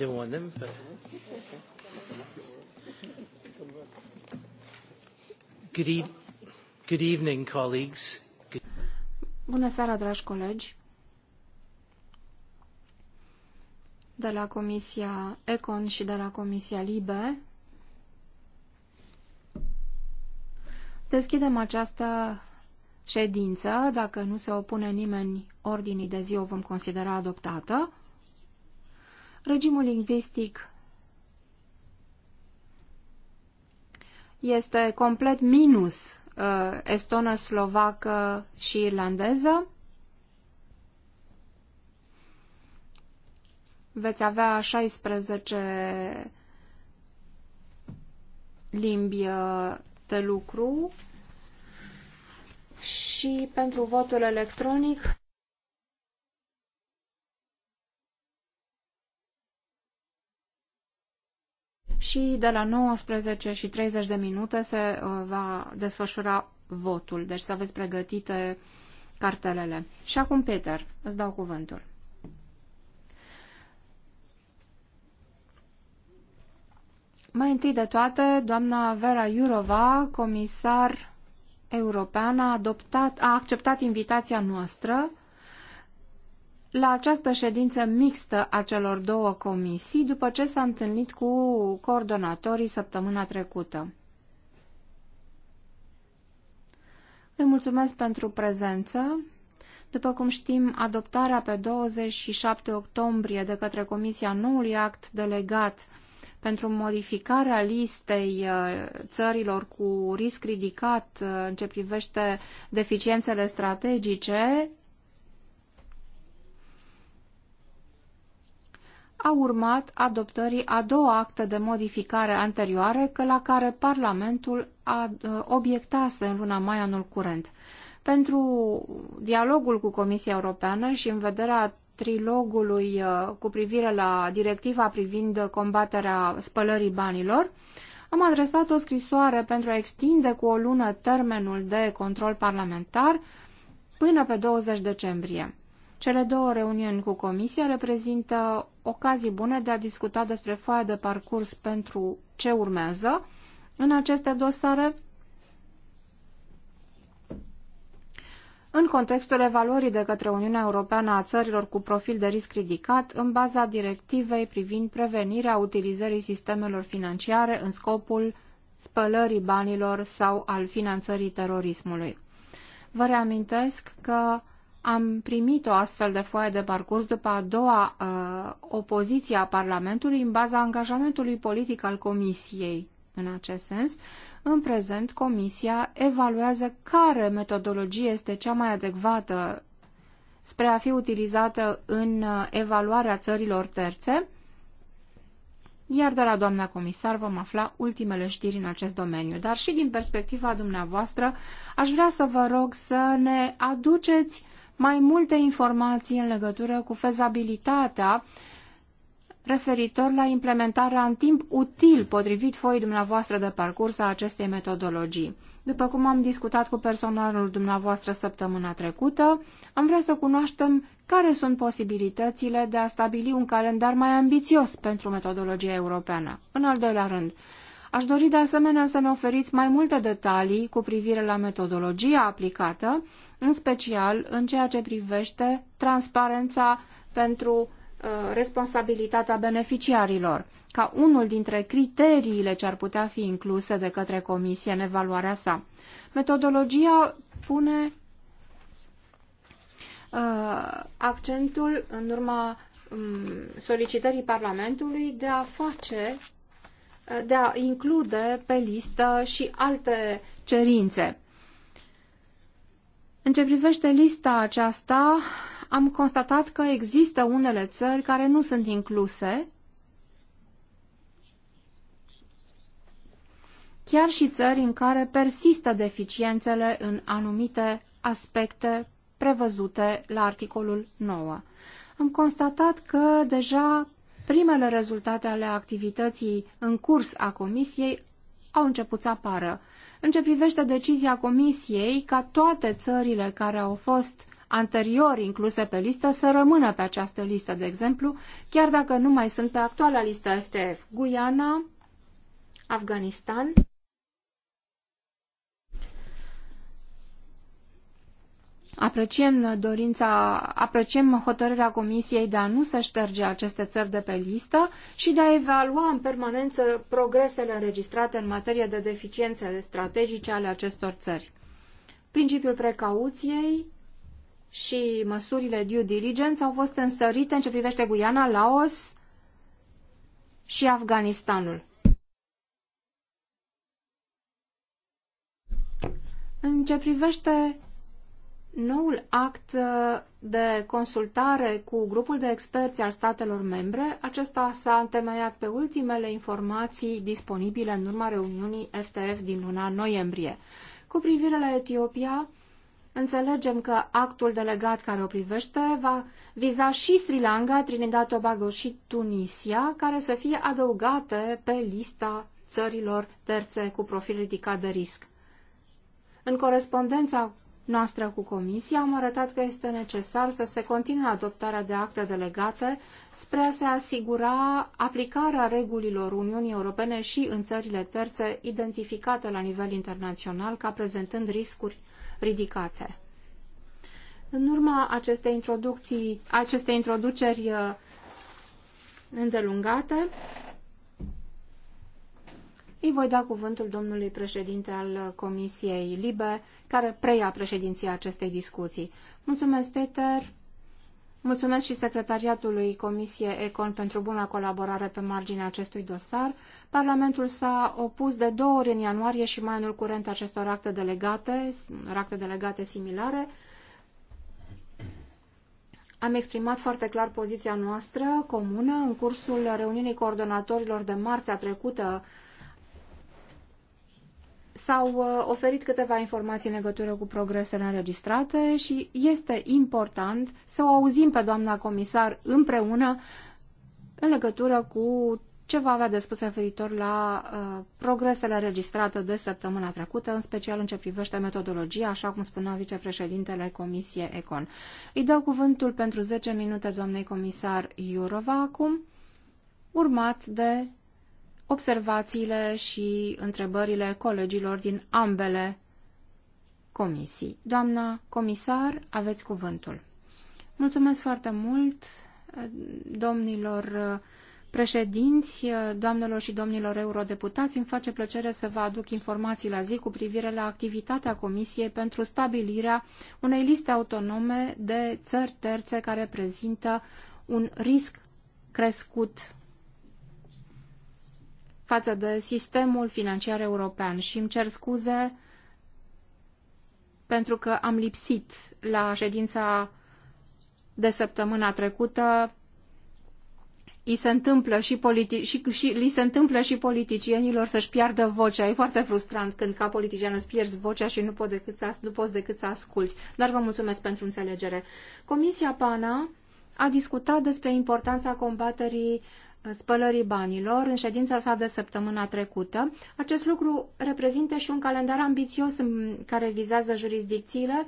I want them, but. Good, e- good evening, colleagues. Good... Bună seara, dragi colegi. De la Comisia Econ și de la Comisia Libe. Deschidem această ședință. Dacă nu se opune nimeni ordinii de zi, o vom considera adoptată. Regimul lingvistic este complet minus uh, estonă, slovacă și irlandeză. Veți avea 16 limbi uh, de lucru și pentru votul electronic și de la 19 și 30 de minute se uh, va desfășura votul. Deci să aveți pregătite cartelele. Și acum, Peter, îți dau cuvântul. Mai întâi de toate, doamna Vera Iurova, comisar european, a, adoptat, a acceptat invitația noastră la această ședință mixtă a celor două comisii, după ce s-a întâlnit cu coordonatorii săptămâna trecută. Îi mulțumesc pentru prezență. După cum știm, adoptarea pe 27 octombrie de către Comisia noului act delegat pentru modificarea listei uh, țărilor cu risc ridicat uh, în ce privește deficiențele strategice a urmat adoptării a două acte de modificare anterioare, că la care Parlamentul a, uh, obiectase în luna mai anul curent. Pentru dialogul cu Comisia Europeană și în vederea trilogului uh, cu privire la directiva privind combaterea spălării banilor, am adresat o scrisoare pentru a extinde cu o lună termenul de control parlamentar până pe 20 decembrie. Cele două reuniuni cu Comisia reprezintă ocazii bune de a discuta despre foaia de parcurs pentru ce urmează în aceste dosare, în contextul evaluării de către Uniunea Europeană a țărilor cu profil de risc ridicat, în baza directivei privind prevenirea utilizării sistemelor financiare în scopul spălării banilor sau al finanțării terorismului. Vă reamintesc că am primit o astfel de foaie de parcurs după a doua uh, opoziție a Parlamentului în baza angajamentului politic al Comisiei. În acest sens, în prezent, Comisia evaluează care metodologie este cea mai adecvată spre a fi utilizată în uh, evaluarea țărilor terțe, iar de la doamna comisar vom afla ultimele știri în acest domeniu. Dar și din perspectiva dumneavoastră, aș vrea să vă rog să ne aduceți uh, mai multe informații în legătură cu fezabilitatea referitor la implementarea în timp util potrivit foii dumneavoastră de parcurs a acestei metodologii. După cum am discutat cu personalul dumneavoastră săptămâna trecută, am vrea să cunoaștem care sunt posibilitățile de a stabili un calendar mai ambițios pentru metodologia europeană. În al doilea rând, Aș dori de asemenea să ne oferiți mai multe detalii cu privire la metodologia aplicată, în special în ceea ce privește transparența pentru uh, responsabilitatea beneficiarilor, ca unul dintre criteriile ce ar putea fi incluse de către comisie în evaluarea sa. Metodologia pune uh, accentul în urma um, solicitării Parlamentului de a face de a include pe listă și alte cerințe. În ce privește lista aceasta, am constatat că există unele țări care nu sunt incluse, chiar și țări în care persistă deficiențele în anumite aspecte prevăzute la articolul 9. Am constatat că deja Primele rezultate ale activității în curs a Comisiei au început să apară. În ce privește decizia Comisiei ca toate țările care au fost anterior incluse pe listă să rămână pe această listă, de exemplu, chiar dacă nu mai sunt pe actuala listă FTF, Guyana, Afganistan, Apreciem dorința, apreciem hotărârea Comisiei de a nu se șterge aceste țări de pe listă și de a evalua în permanență progresele înregistrate în materie de deficiențe strategice ale acestor țări. Principiul precauției și măsurile due diligence au fost însărite în ce privește Guiana, Laos și Afganistanul. În ce privește Noul act uh, de consultare cu grupul de experți al statelor membre, acesta s-a întemeiat pe ultimele informații disponibile în urma reuniunii FTF din luna noiembrie. Cu privire la Etiopia, înțelegem că actul delegat care o privește va viza și Sri Lanka, Trinidad Tobago și Tunisia, care să fie adăugate pe lista țărilor terțe cu profil ridicat de risc. În corespondența noastră cu Comisia, am arătat că este necesar să se continue adoptarea de acte delegate spre a se asigura aplicarea regulilor Uniunii Europene și în țările terțe identificate la nivel internațional ca prezentând riscuri ridicate. În urma acestei, introducții, acestei introduceri uh, îndelungate, îi voi da cuvântul domnului președinte al Comisiei Libe, care preia președinția acestei discuții. Mulțumesc, Peter! Mulțumesc și secretariatului Comisie Econ pentru buna colaborare pe marginea acestui dosar. Parlamentul s-a opus de două ori în ianuarie și mai anul curent acestor acte delegate, acte delegate similare. Am exprimat foarte clar poziția noastră comună în cursul reuniunii coordonatorilor de marțea trecută s-au uh, oferit câteva informații în legătură cu progresele înregistrate și este important să o auzim pe doamna comisar împreună în legătură cu ce va avea de spus referitor la uh, progresele înregistrate de săptămâna trecută, în special în ce privește metodologia, așa cum spunea vicepreședintele Comisiei Econ. Îi dau cuvântul pentru 10 minute doamnei comisar Iurova acum, urmat de observațiile și întrebările colegilor din ambele comisii. Doamna comisar, aveți cuvântul. Mulțumesc foarte mult domnilor președinți, doamnelor și domnilor eurodeputați, îmi face plăcere să vă aduc informații la zi cu privire la activitatea Comisiei pentru stabilirea unei liste autonome de țări terțe care prezintă un risc crescut față de sistemul financiar european și îmi cer scuze pentru că am lipsit la ședința de săptămâna trecută. I se întâmplă și, politi- și, și li se întâmplă și politicienilor să-și piardă vocea. E foarte frustrant când ca politician îți pierzi vocea și nu, pot decât să, nu poți decât să asculți. Dar vă mulțumesc pentru înțelegere. Comisia PANA a discutat despre importanța combaterii spălării banilor în ședința sa de săptămâna trecută. Acest lucru reprezintă și un calendar ambițios care vizează jurisdicțiile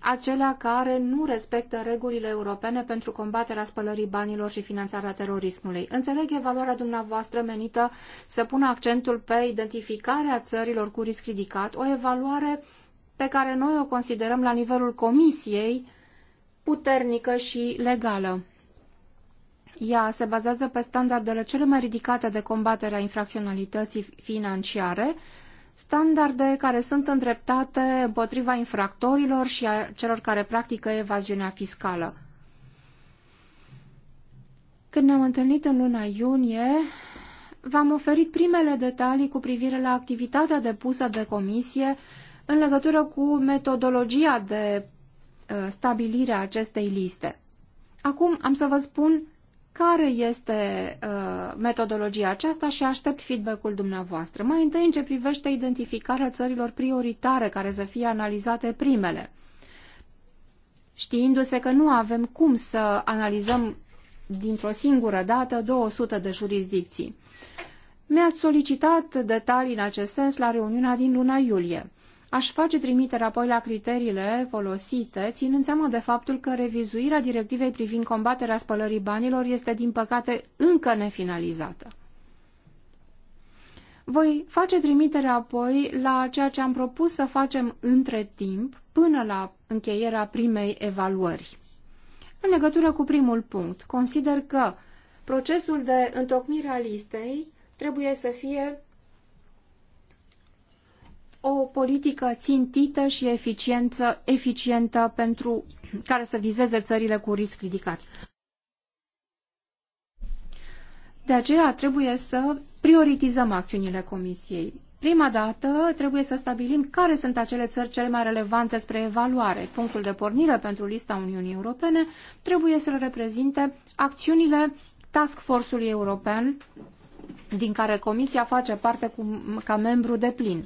acelea care nu respectă regulile europene pentru combaterea spălării banilor și finanțarea terorismului. Înțeleg evaluarea dumneavoastră menită să pună accentul pe identificarea țărilor cu risc ridicat, o evaluare pe care noi o considerăm la nivelul Comisiei puternică și legală. Ea se bazează pe standardele cele mai ridicate de combatere a infracționalității financiare, standarde care sunt îndreptate împotriva infractorilor și a celor care practică evaziunea fiscală. Când ne-am întâlnit în luna iunie, v-am oferit primele detalii cu privire la activitatea depusă de comisie în legătură cu metodologia de uh, stabilire a acestei liste. Acum am să vă spun care este uh, metodologia aceasta și aștept feedback-ul dumneavoastră. Mai întâi în ce privește identificarea țărilor prioritare care să fie analizate primele. Știindu-se că nu avem cum să analizăm dintr-o singură dată 200 de jurisdicții. Mi-ați solicitat detalii în acest sens la reuniunea din luna iulie. Aș face trimitere apoi la criteriile folosite, ținând seama de faptul că revizuirea directivei privind combaterea spălării banilor este, din păcate, încă nefinalizată. Voi face trimitere apoi la ceea ce am propus să facem între timp, până la încheierea primei evaluări. În legătură cu primul punct, consider că procesul de întocmire a listei trebuie să fie o politică țintită și eficiență, eficientă pentru care să vizeze țările cu risc ridicat. De aceea trebuie să prioritizăm acțiunile Comisiei. Prima dată trebuie să stabilim care sunt acele țări cele mai relevante spre evaluare. Punctul de pornire pentru lista Uniunii Europene trebuie să reprezinte acțiunile Task Force-ului European, din care Comisia face parte cu, ca membru de plin.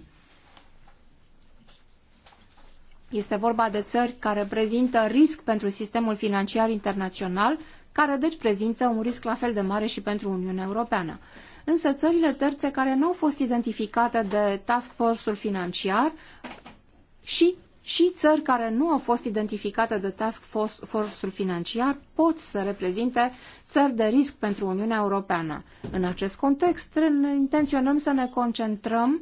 Este vorba de țări care prezintă risc pentru sistemul financiar internațional, care deci prezintă un risc la fel de mare și pentru Uniunea Europeană. Însă țările terțe care nu au fost identificate de task force-ul financiar și, și țări care nu au fost identificate de task force-ul financiar pot să reprezinte țări de risc pentru Uniunea Europeană. În acest context, intenționăm să ne concentrăm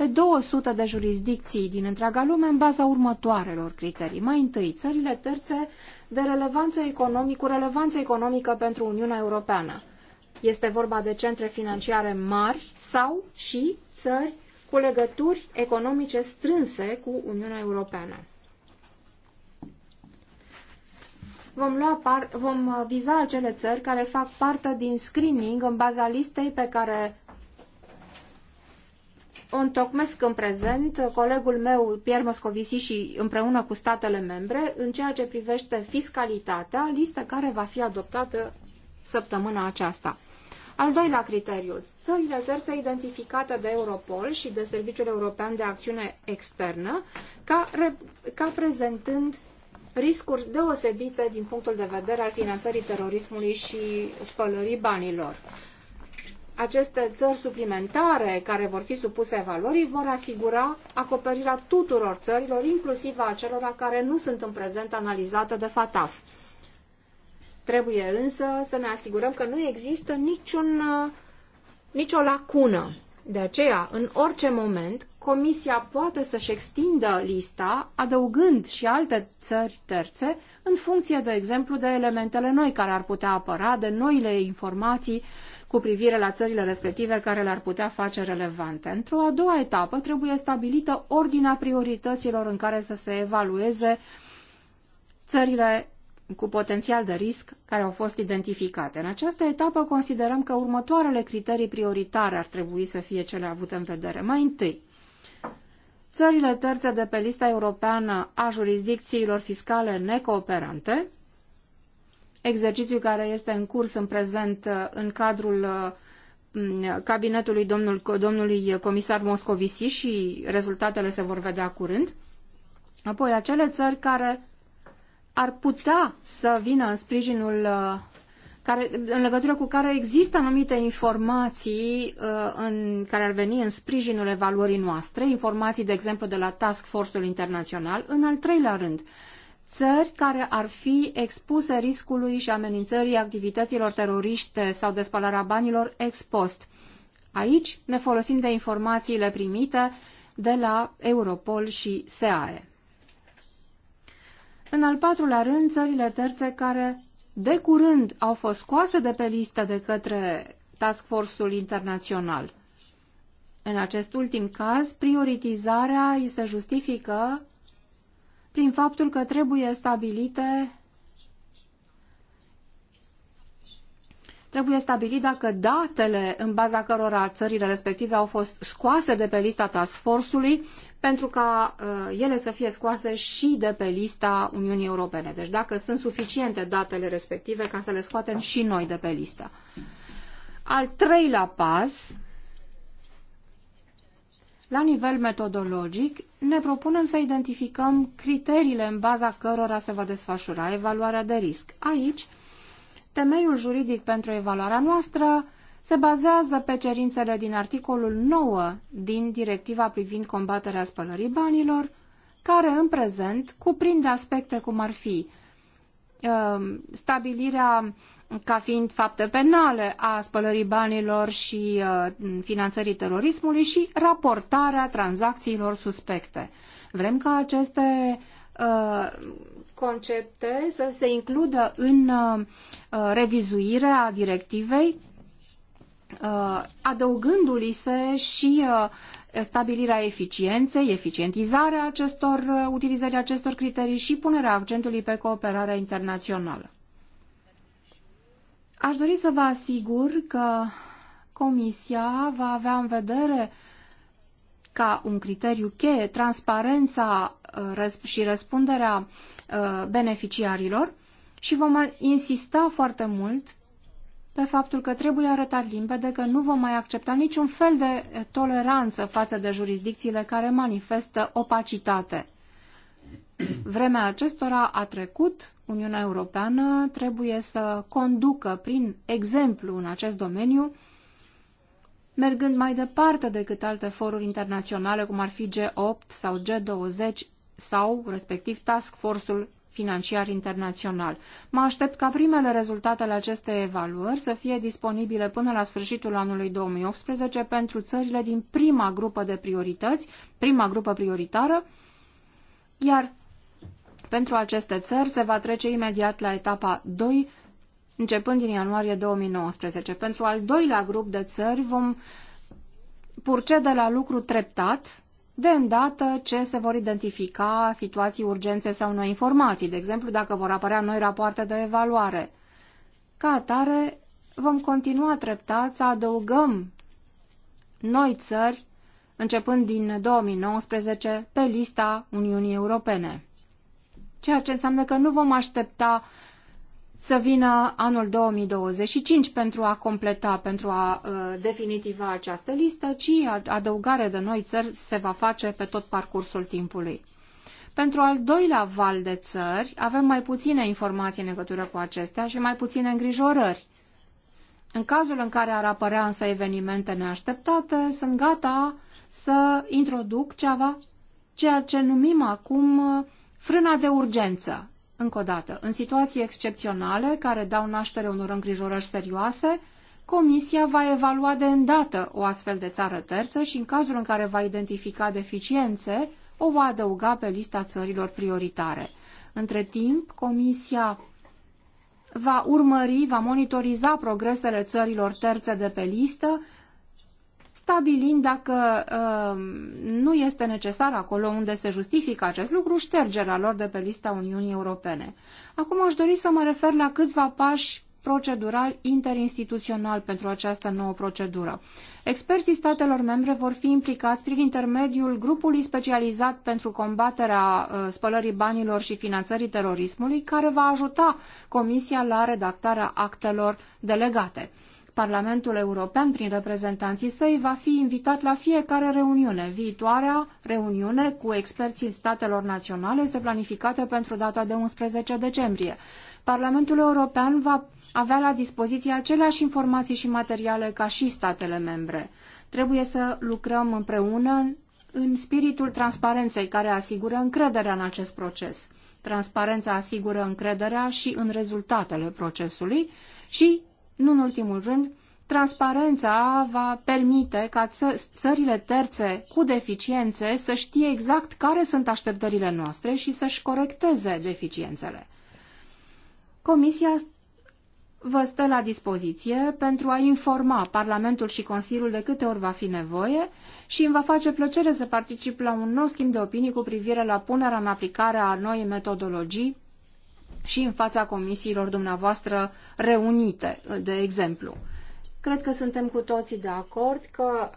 pe 200 de jurisdicții din întreaga lume în baza următoarelor criterii. Mai întâi, țările terțe de relevanță economică, cu relevanță economică pentru Uniunea Europeană. Este vorba de centre financiare mari sau și țări cu legături economice strânse cu Uniunea Europeană. vom, lua par, vom viza acele țări care fac parte din screening în baza listei pe care întocmesc în prezent colegul meu, Pierre Moscovici, și împreună cu statele membre, în ceea ce privește fiscalitatea, listă care va fi adoptată săptămâna aceasta. Al doilea criteriu, țările terțe identificate de Europol și de Serviciul European de Acțiune Externă ca, ca prezentând riscuri deosebite din punctul de vedere al finanțării terorismului și spălării banilor aceste țări suplimentare care vor fi supuse evaluării vor asigura acoperirea tuturor țărilor, inclusiv a celor care nu sunt în prezent analizate de FATAF. Trebuie însă să ne asigurăm că nu există niciun, nicio lacună. De aceea, în orice moment, Comisia poate să-și extindă lista, adăugând și alte țări terțe, în funcție, de exemplu, de elementele noi care ar putea apăra, de noile informații cu privire la țările respective care le-ar putea face relevante. Într-o a doua etapă trebuie stabilită ordinea priorităților în care să se evalueze țările cu potențial de risc care au fost identificate. În această etapă considerăm că următoarele criterii prioritare ar trebui să fie cele avute în vedere. Mai întâi, țările terțe de pe lista europeană a jurisdicțiilor fiscale necooperante, exercițiu care este în curs în prezent uh, în cadrul uh, cabinetului domnul, domnului comisar Moscovici și rezultatele se vor vedea curând. Apoi, acele țări care ar putea să vină în sprijinul uh, care, în legătură cu care există anumite informații uh, în, care ar veni în sprijinul evaluării noastre, informații, de exemplu, de la Task Force-ul Internațional, în al treilea rând, țări care ar fi expuse riscului și amenințării activităților teroriste sau de spălarea banilor ex post. Aici ne folosim de informațiile primite de la Europol și SEAE. În al patrulea rând, țările terțe care de curând au fost scoase de pe listă de către Task Force-ul internațional. În acest ultim caz, prioritizarea îi se justifică prin faptul că trebuie stabilite trebuie stabilit dacă datele în baza cărora țările respective au fost scoase de pe lista task force-ului pentru ca uh, ele să fie scoase și de pe lista Uniunii Europene. Deci dacă sunt suficiente datele respective ca să le scoatem și noi de pe listă. Al treilea pas la nivel metodologic, ne propunem să identificăm criteriile în baza cărora se va desfășura evaluarea de risc. Aici, temeiul juridic pentru evaluarea noastră se bazează pe cerințele din articolul 9 din Directiva privind combaterea spălării banilor, care în prezent cuprinde aspecte cum ar fi uh, stabilirea ca fiind fapte penale a spălării banilor și uh, finanțării terorismului și raportarea tranzacțiilor suspecte. Vrem ca aceste uh, concepte să se includă în uh, revizuirea directivei, uh, adăugându-li se și uh, stabilirea eficienței, eficientizarea acestor, uh, utilizării acestor criterii și punerea accentului pe cooperarea internațională. Aș dori să vă asigur că Comisia va avea în vedere ca un criteriu cheie transparența uh, și răspunderea uh, beneficiarilor și vom insista foarte mult pe faptul că trebuie arătat limpede că nu vom mai accepta niciun fel de toleranță față de jurisdicțiile care manifestă opacitate vremea acestora a trecut, Uniunea Europeană trebuie să conducă prin exemplu în acest domeniu, mergând mai departe decât alte foruri internaționale, cum ar fi G8 sau G20 sau, respectiv, Task Force-ul financiar internațional. Mă aștept ca primele rezultate ale acestei evaluări să fie disponibile până la sfârșitul anului 2018 pentru țările din prima grupă de priorități, prima grupă prioritară, iar pentru aceste țări se va trece imediat la etapa 2, începând din ianuarie 2019. Pentru al doilea grup de țări vom purcede la lucru treptat, de îndată ce se vor identifica situații urgențe sau noi informații, de exemplu dacă vor apărea noi rapoarte de evaluare. Ca atare, vom continua treptat să adăugăm noi țări, începând din 2019, pe lista Uniunii Europene ceea ce înseamnă că nu vom aștepta să vină anul 2025 pentru a completa, pentru a uh, definitiva această listă, ci adăugare de noi țări se va face pe tot parcursul timpului. Pentru al doilea val de țări avem mai puține informații în legătură cu acestea și mai puține îngrijorări. În cazul în care ar apărea însă evenimente neașteptate, sunt gata să introduc ceva, ceea ce numim acum uh, Frâna de urgență, încă o dată, în situații excepționale care dau naștere unor îngrijorări serioase, Comisia va evalua de îndată o astfel de țară terță și în cazul în care va identifica deficiențe, o va adăuga pe lista țărilor prioritare. Între timp, Comisia va urmări, va monitoriza progresele țărilor terțe de pe listă stabilind dacă uh, nu este necesar acolo unde se justifică acest lucru ștergerea lor de pe lista Uniunii Europene. Acum aș dori să mă refer la câțiva pași procedural interinstituțional pentru această nouă procedură. Experții statelor membre vor fi implicați prin intermediul grupului specializat pentru combaterea uh, spălării banilor și finanțării terorismului, care va ajuta Comisia la redactarea actelor delegate. Parlamentul European, prin reprezentanții săi, va fi invitat la fiecare reuniune. Viitoarea reuniune cu experții statelor naționale este planificată pentru data de 11 decembrie. Parlamentul European va avea la dispoziție aceleași informații și materiale ca și statele membre. Trebuie să lucrăm împreună în spiritul transparenței care asigură încrederea în acest proces. Transparența asigură încrederea și în rezultatele procesului și nu în ultimul rând, transparența va permite ca țările terțe cu deficiențe să știe exact care sunt așteptările noastre și să-și corecteze deficiențele. Comisia vă stă la dispoziție pentru a informa Parlamentul și Consiliul de câte ori va fi nevoie și îmi va face plăcere să particip la un nou schimb de opinii cu privire la punerea în aplicare a noii metodologii și în fața comisiilor dumneavoastră reunite, de exemplu. Cred că suntem cu toții de acord că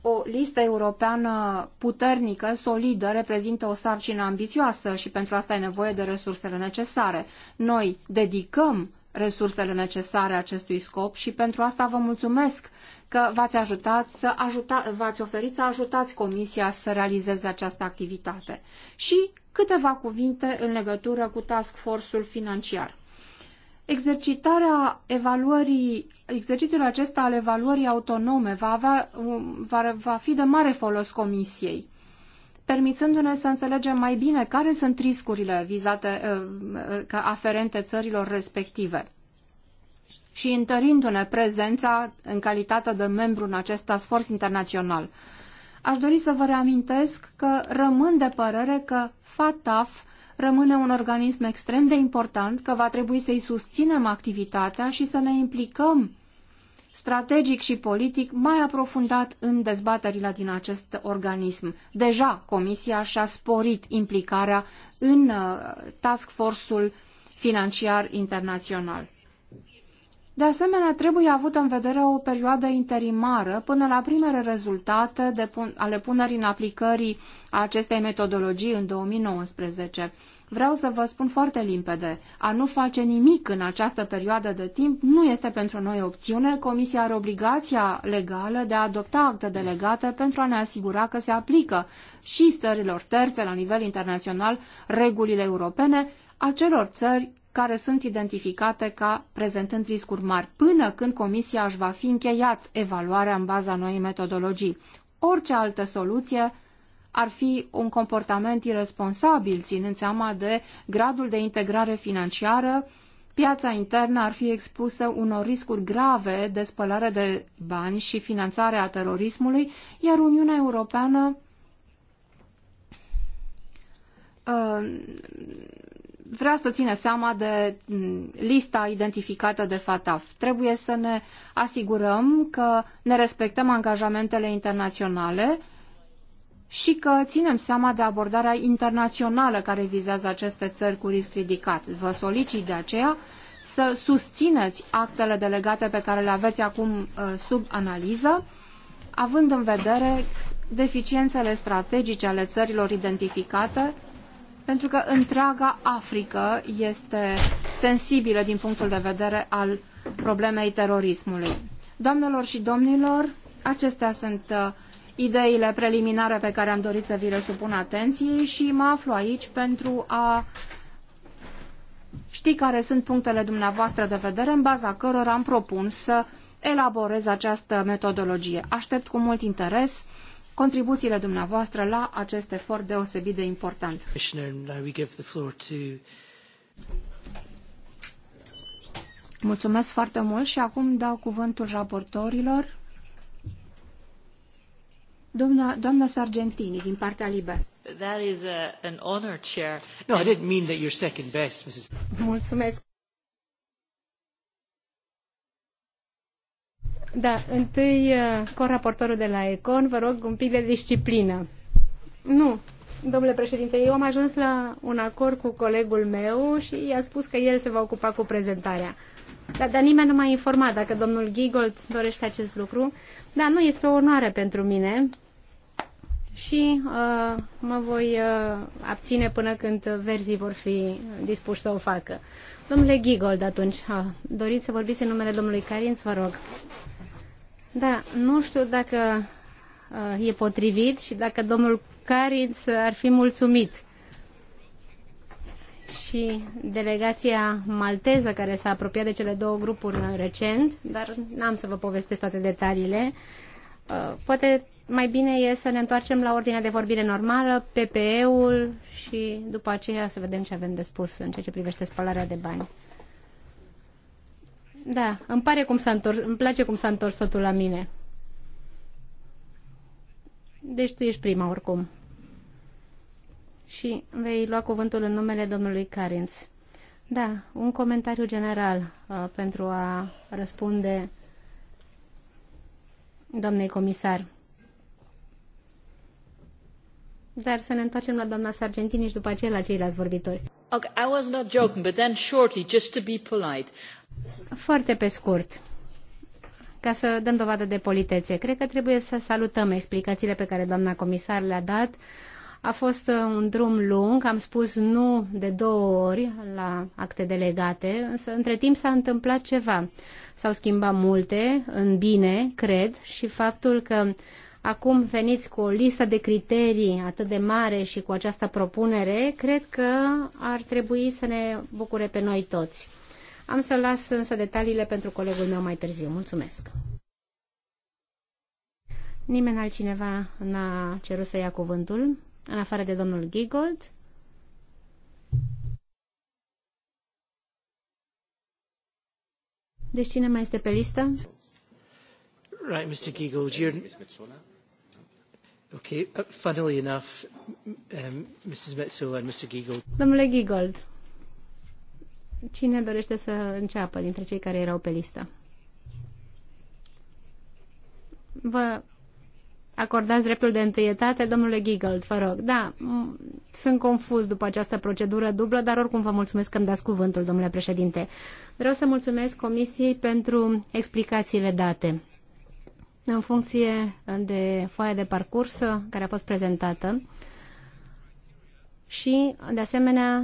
o listă europeană puternică, solidă, reprezintă o sarcină ambițioasă și pentru asta e nevoie de resursele necesare. Noi dedicăm resursele necesare acestui scop și pentru asta vă mulțumesc că v-ați ajutat să ajuta, v-ați oferit să ajutați Comisia să realizeze această activitate. Și Câteva cuvinte în legătură cu task force-ul financiar. Exercitarea evaluării, exercițiul acesta al evaluării autonome va, avea, um, va, va fi de mare folos comisiei, permițându-ne să înțelegem mai bine care sunt riscurile vizate uh, aferente țărilor respective și întărindu-ne prezența în calitate de membru în acest task force internațional. Aș dori să vă reamintesc că rămân de părere că FATAF rămâne un organism extrem de important, că va trebui să-i susținem activitatea și să ne implicăm strategic și politic mai aprofundat în dezbaterile din acest organism. Deja Comisia și-a sporit implicarea în uh, task force-ul financiar internațional. De asemenea, trebuie avută în vedere o perioadă interimară până la primele rezultate de pun ale punerii în aplicării a acestei metodologii în 2019. Vreau să vă spun foarte limpede, a nu face nimic în această perioadă de timp nu este pentru noi opțiune. Comisia are obligația legală de a adopta acte delegate pentru a ne asigura că se aplică și țărilor terțe la nivel internațional regulile europene acelor țări care sunt identificate ca prezentând riscuri mari, până când Comisia își va fi încheiat evaluarea în baza noii metodologii. Orice altă soluție ar fi un comportament irresponsabil, ținând seama de gradul de integrare financiară, piața internă ar fi expusă unor riscuri grave de spălare de bani și finanțare a terorismului, iar Uniunea Europeană uh, vrea să țină seama de lista identificată de FATAF. Trebuie să ne asigurăm că ne respectăm angajamentele internaționale și că ținem seama de abordarea internațională care vizează aceste țări cu risc ridicat. Vă solicit de aceea să susțineți actele delegate pe care le aveți acum uh, sub analiză, având în vedere deficiențele strategice ale țărilor identificate, pentru că întreaga Africă este sensibilă din punctul de vedere al problemei terorismului. Doamnelor și domnilor, acestea sunt uh, ideile preliminare pe care am dorit să vi le supun atenției și mă aflu aici pentru a ști care sunt punctele dumneavoastră de vedere în baza cărora am propun să elaborez această metodologie. Aștept cu mult interes contribuțiile dumneavoastră la acest efort deosebit de important. Mulțumesc foarte mult și acum dau cuvântul raportorilor. Doamna, doamna Sargentini, din partea Libe. That is a, an honor, Chair. No, I didn't mean that you're second best, Mrs. Mulțumesc. Da, întâi uh, raportorul de la Econ, vă rog un pic de disciplină. Nu, domnule președinte, eu am ajuns la un acord cu colegul meu și i-a spus că el se va ocupa cu prezentarea. Dar, dar nimeni nu m-a informat dacă domnul Gigold dorește acest lucru. Da, nu, este o onoare pentru mine și uh, mă voi uh, abține până când verzii vor fi dispuși să o facă. Domnule Gigold, atunci, uh, doriți să vorbiți în numele domnului Carinț, vă rog. Da, nu știu dacă uh, e potrivit și dacă domnul Carinț ar fi mulțumit. Și delegația malteză care s-a apropiat de cele două grupuri recent, dar n-am să vă povestesc toate detaliile. Uh, poate mai bine e să ne întoarcem la ordinea de vorbire normală, PPE-ul și după aceea să vedem ce avem de spus în ceea ce privește spălarea de bani. Da, îmi pare cum s-a întors, îmi place cum s-a întors totul la mine. Deci tu ești prima oricum. Și vei lua cuvântul în numele domnului Carinț. Da, un comentariu general uh, pentru a răspunde doamnei comisar. Dar să ne întoarcem la doamna Sargentini și după aceea la ceilalți vorbitori. Okay, I was not joking, but then shortly, just to be polite, foarte pe scurt, ca să dăm dovadă de politețe, cred că trebuie să salutăm explicațiile pe care doamna comisar le-a dat. A fost uh, un drum lung, am spus nu de două ori la acte delegate, însă între timp s-a întâmplat ceva. S-au schimbat multe, în bine, cred, și faptul că acum veniți cu o listă de criterii atât de mare și cu această propunere, cred că ar trebui să ne bucure pe noi toți. Am să las însă detaliile pentru colegul meu mai târziu. Mulțumesc! Nimeni altcineva n-a cerut să ia cuvântul, în afară de domnul Gigold. Deci cine mai este pe listă? Right, Mr. Giegold, you're... Okay, uh, funnily enough, um, Mrs. Metzola and Mr. Giegold. Domnule Giegold, Cine dorește să înceapă dintre cei care erau pe listă? Vă acordați dreptul de întâietate, domnule Giggled, vă rog. Da, sunt confuz după această procedură dublă, dar oricum vă mulțumesc că îmi dați cuvântul, domnule președinte. Vreau să mulțumesc Comisiei pentru explicațiile date. În funcție de foaia de parcurs care a fost prezentată și, de asemenea,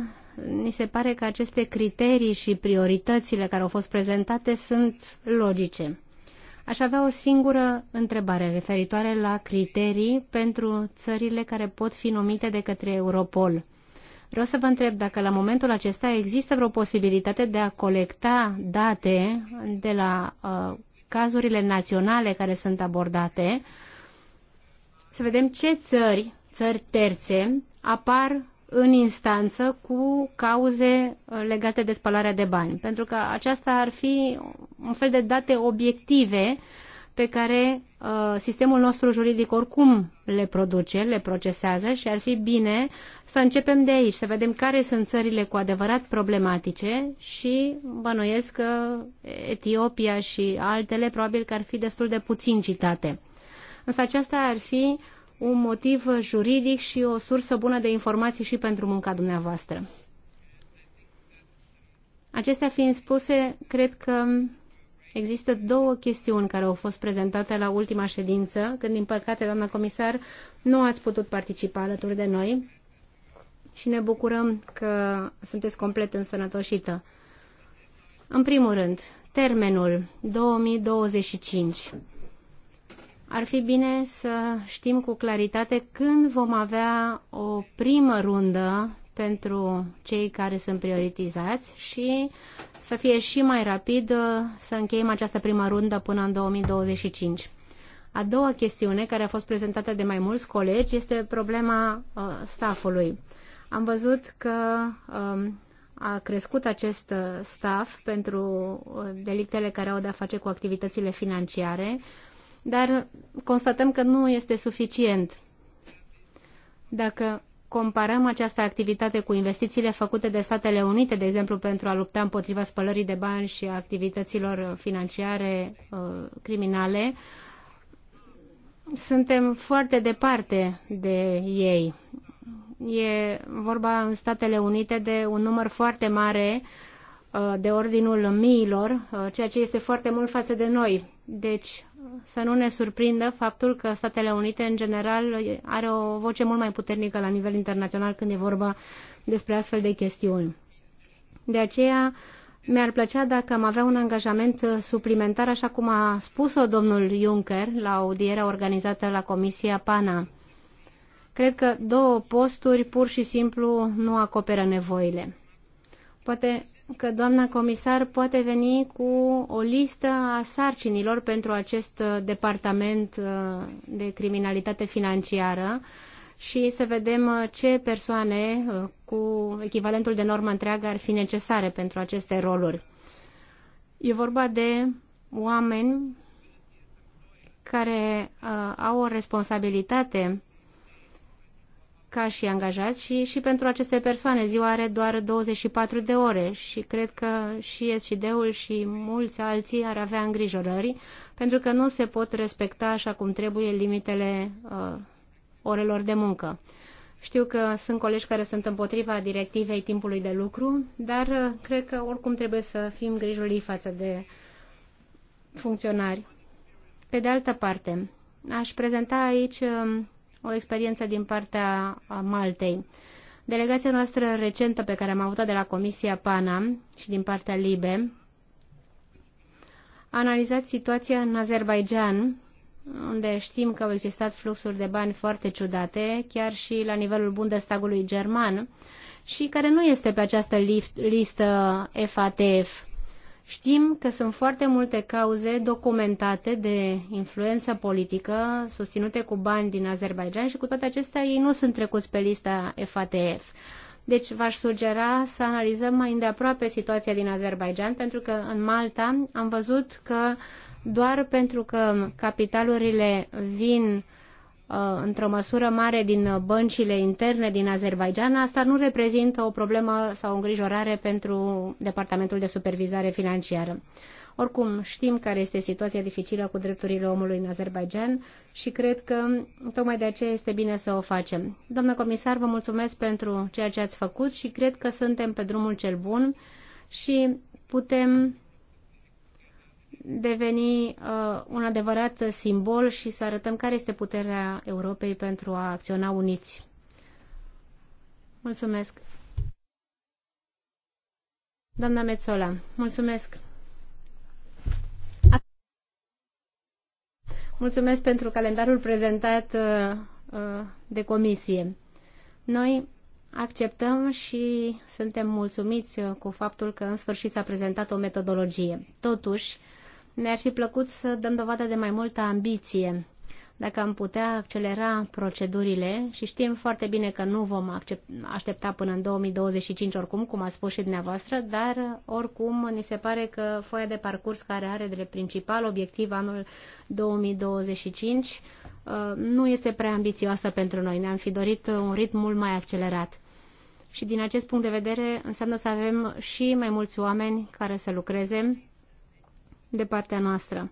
ni se pare că aceste criterii și prioritățile care au fost prezentate sunt logice. Aș avea o singură întrebare referitoare la criterii pentru țările care pot fi numite de către Europol. Vreau să vă întreb dacă la momentul acesta există vreo posibilitate de a colecta date de la uh, cazurile naționale care sunt abordate, să vedem ce țări, țări terțe, apar în instanță cu cauze uh, legate de spălarea de bani, pentru că aceasta ar fi un fel de date obiective pe care uh, sistemul nostru juridic oricum le produce, le procesează și ar fi bine să începem de aici, să vedem care sunt țările cu adevărat problematice și bănuiesc că Etiopia și altele probabil că ar fi destul de puțin citate. Însă aceasta ar fi un motiv juridic și o sursă bună de informații și pentru munca dumneavoastră. Acestea fiind spuse, cred că există două chestiuni care au fost prezentate la ultima ședință, când, din păcate, doamna comisar, nu ați putut participa alături de noi și ne bucurăm că sunteți complet însănătoșită. În primul rând, termenul 2025. Ar fi bine să știm cu claritate când vom avea o primă rundă pentru cei care sunt prioritizați și să fie și mai rapid uh, să încheiem această primă rundă până în 2025. A doua chestiune care a fost prezentată de mai mulți colegi este problema uh, staffului. Am văzut că um, a crescut acest uh, staff pentru delictele care au de-a face cu activitățile financiare, dar constatăm că nu este suficient. Dacă comparăm această activitate cu investițiile făcute de Statele Unite, de exemplu, pentru a lupta împotriva spălării de bani și activităților financiare uh, criminale, suntem foarte departe de ei. E vorba în Statele Unite de un număr foarte mare uh, de ordinul miilor, uh, ceea ce este foarte mult față de noi. Deci, să nu ne surprindă faptul că Statele Unite, în general, are o voce mult mai puternică la nivel internațional când e vorba despre astfel de chestiuni. De aceea, mi-ar plăcea dacă am avea un angajament suplimentar, așa cum a spus-o domnul Juncker la audierea organizată la Comisia PANA. Cred că două posturi pur și simplu nu acoperă nevoile. Poate că doamna comisar poate veni cu o listă a sarcinilor pentru acest uh, departament uh, de criminalitate financiară și să vedem uh, ce persoane cu echivalentul de normă întreagă ar fi necesare pentru aceste roluri. E vorba de oameni care uh, au o responsabilitate ca și angajați și, și pentru aceste persoane. Ziua are doar 24 de ore și cred că și SCD-ul și mulți alții ar avea îngrijorări pentru că nu se pot respecta așa cum trebuie limitele uh, orelor de muncă. Știu că sunt colegi care sunt împotriva directivei timpului de lucru, dar uh, cred că oricum trebuie să fim grijulii față de funcționari. Pe de altă parte, aș prezenta aici uh, o experiență din partea Maltei. Delegația noastră recentă pe care am avut-o de la Comisia PANA și din partea LIBE a analizat situația în Azerbaijan, unde știm că au existat fluxuri de bani foarte ciudate, chiar și la nivelul Bundestagului german, și care nu este pe această list listă FATF. Știm că sunt foarte multe cauze documentate de influență politică susținute cu bani din Azerbaijan și cu toate acestea ei nu sunt trecuți pe lista FATF. Deci v-aș sugera să analizăm mai îndeaproape situația din Azerbaijan, pentru că în Malta am văzut că doar pentru că capitalurile vin uh, Uh, într-o măsură mare din uh, băncile interne din Azerbaijan, asta nu reprezintă o problemă sau o îngrijorare pentru Departamentul de Supervizare Financiară. Oricum, știm care este situația dificilă cu drepturile omului în Azerbaijan și cred că tocmai de aceea este bine să o facem. Doamnă comisar, vă mulțumesc pentru ceea ce ați făcut și cred că suntem pe drumul cel bun și putem deveni uh, un adevărat simbol și să arătăm care este puterea Europei pentru a acționa uniți. Mulțumesc. Doamna Metzola, mulțumesc. Mulțumesc pentru calendarul prezentat uh, uh de comisie. Noi acceptăm și suntem mulțumiți uh, cu faptul că în sfârșit s-a prezentat o metodologie. Totuși, ne-ar fi plăcut să dăm dovadă de mai multă ambiție dacă am putea accelera procedurile și știm foarte bine că nu vom aștepta până în 2025 oricum, cum a spus și dumneavoastră, dar oricum ni se pare că foaia de parcurs care are de principal obiectiv anul 2025 uh, nu este prea ambițioasă pentru noi. Ne-am fi dorit un ritm mult mai accelerat. Și din acest punct de vedere înseamnă să avem și mai mulți oameni care să lucreze de partea noastră.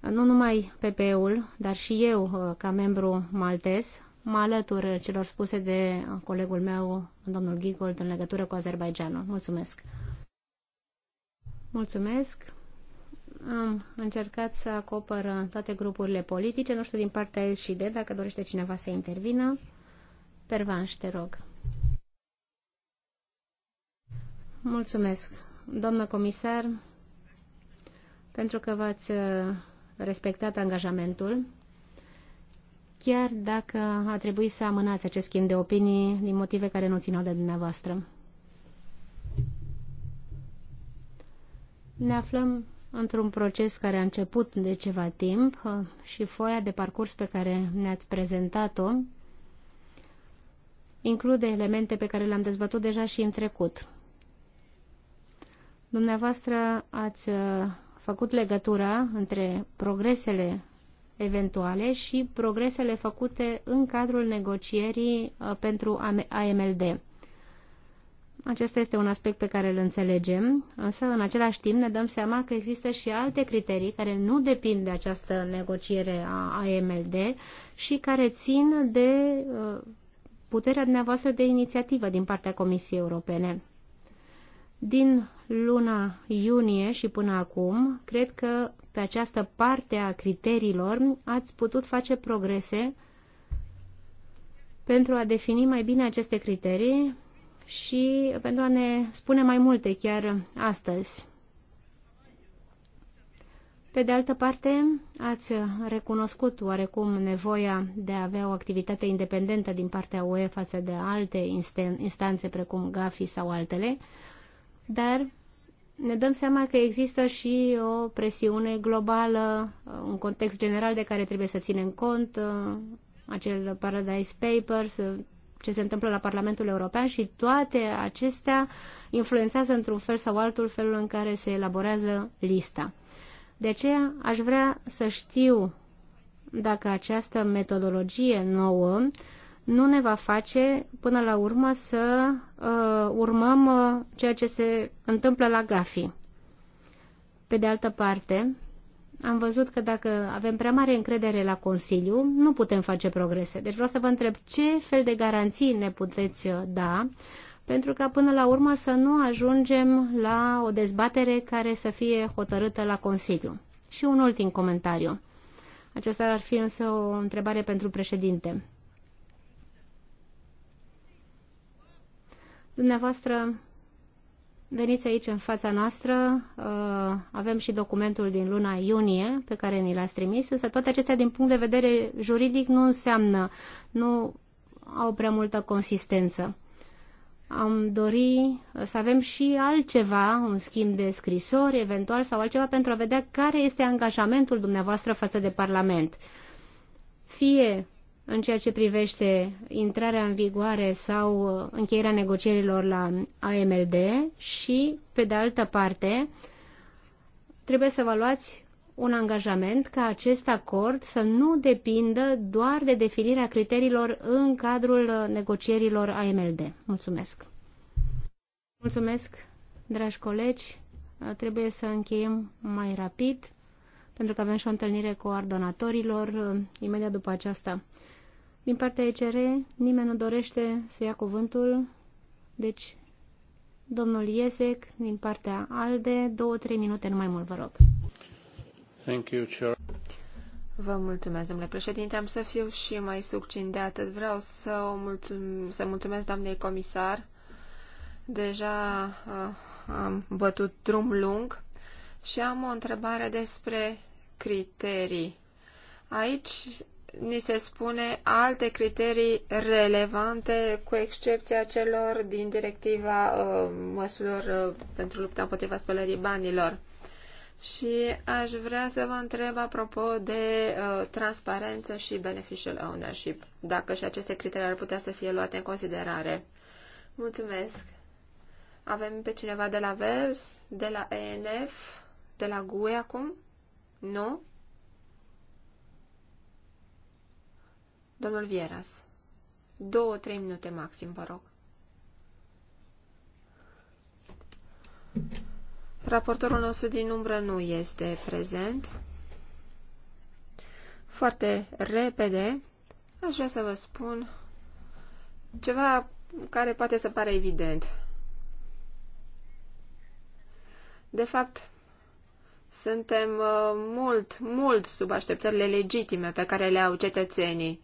Nu numai PPE-ul, dar și eu, uh, ca membru maltez, mă alătur celor spuse de colegul meu, domnul Gigold, în legătură cu Azerbaijanul. Mulțumesc! Mulțumesc! Am încercat să acopăr toate grupurile politice, nu știu din partea S și D, dacă dorește cineva să intervină. Pervanș, te rog. Mulțumesc. Doamnă comisar, pentru că v-ați uh, respectat angajamentul, chiar dacă a trebuit să amânați acest schimb de opinii din motive care nu țineau de dumneavoastră. Ne aflăm într-un proces care a început de ceva timp uh, și foaia de parcurs pe care ne-ați prezentat-o include elemente pe care le-am dezbătut deja și în trecut. Dumneavoastră ați uh, făcut legătura între progresele eventuale și progresele făcute în cadrul negocierii uh, pentru AMLD. Acesta este un aspect pe care îl înțelegem, însă în același timp ne dăm seama că există și alte criterii care nu depind de această negociere a AMLD și care țin de uh, puterea dumneavoastră de inițiativă din partea Comisiei Europene. Din luna iunie și până acum, cred că pe această parte a criteriilor ați putut face progrese pentru a defini mai bine aceste criterii și pentru a ne spune mai multe chiar astăzi. Pe de altă parte, ați recunoscut oarecum nevoia de a avea o activitate independentă din partea UE față de alte instanțe precum GAFI sau altele, dar ne dăm seama că există și o presiune globală, uh, un context general de care trebuie să ținem cont, uh, acel Paradise Papers, uh, ce se întâmplă la Parlamentul European și toate acestea influențează într-un fel sau altul felul în care se elaborează lista. De aceea aș vrea să știu dacă această metodologie nouă nu ne va face până la urmă să uh, urmăm uh, ceea ce se întâmplă la GAFI. Pe de altă parte, am văzut că dacă avem prea mare încredere la Consiliu, nu putem face progrese. Deci vreau să vă întreb ce fel de garanții ne puteți uh, da pentru ca până la urmă să nu ajungem la o dezbatere care să fie hotărâtă la Consiliu. Și un ultim comentariu. Acesta ar fi însă o întrebare pentru președinte. Dumneavoastră veniți aici în fața noastră, uh, avem și documentul din luna iunie pe care ni l-ați trimis, însă toate acestea din punct de vedere juridic nu înseamnă, nu au prea multă consistență. Am dori uh, să avem și altceva, un schimb de scrisori eventual sau altceva pentru a vedea care este angajamentul dumneavoastră față de Parlament. Fie în ceea ce privește intrarea în vigoare sau uh, încheierea negocierilor la AMLD și, pe de altă parte, trebuie să vă luați un angajament ca acest acord să nu depindă doar de definirea criteriilor în cadrul uh, negocierilor AMLD. Mulțumesc! Mulțumesc, dragi colegi! Uh, trebuie să încheiem mai rapid, pentru că avem și o întâlnire cu ordonatorilor imediat după aceasta. Din partea ECR, nimeni nu dorește să ia cuvântul, deci domnul Iesec, din partea ALDE, două-trei minute, nu mai mult, vă rog. Thank you, Chair. Vă mulțumesc, domnule președinte. Am să fiu și mai succint de atât. Vreau să, o mulțum- să mulțumesc doamnei comisar. Deja uh, am bătut drum lung și am o întrebare despre criterii. Aici ni se spune alte criterii relevante, cu excepția celor din directiva uh, măsurilor uh, pentru lupta împotriva spălării banilor. Și aș vrea să vă întreb apropo de uh, transparență și beneficial ownership, dacă și aceste criterii ar putea să fie luate în considerare. Mulțumesc! Avem pe cineva de la VERS, de la ENF, de la GUE acum? Nu? Domnul Vieras. Două, trei minute maxim, vă rog. Raportorul nostru din umbră nu este prezent. Foarte repede aș vrea să vă spun ceva care poate să pare evident. De fapt, suntem uh, mult, mult sub așteptările legitime pe care le au cetățenii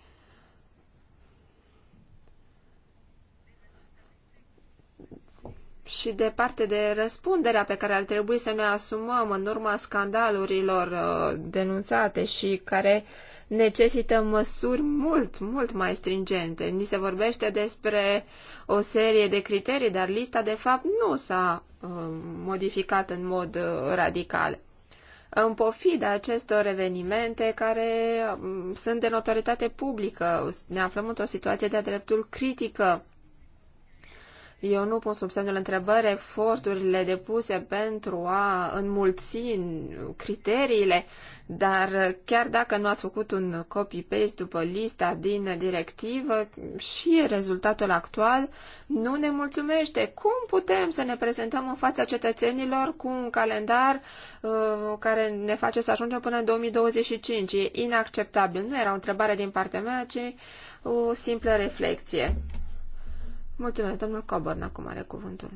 și de parte de răspunderea pe care ar trebui să ne asumăm în urma scandalurilor uh, denunțate și care necesită măsuri mult, mult mai stringente. Ni se vorbește despre o serie de criterii, dar lista de fapt nu s-a uh, modificat în mod uh, radical. În pofida acestor evenimente care um, sunt de notoritate publică, ne aflăm într-o situație de-a dreptul critică eu nu pun sub semnul întrebări eforturile depuse pentru a înmulți criteriile, dar chiar dacă nu ați făcut un copy-paste după lista din directivă și rezultatul actual nu ne mulțumește. Cum putem să ne prezentăm în fața cetățenilor cu un calendar uh, care ne face să ajungem până în 2025? E inacceptabil. Nu era o întrebare din partea mea, ci o simplă reflexie. Mulțumesc, domnul Coborn, acum are cuvântul.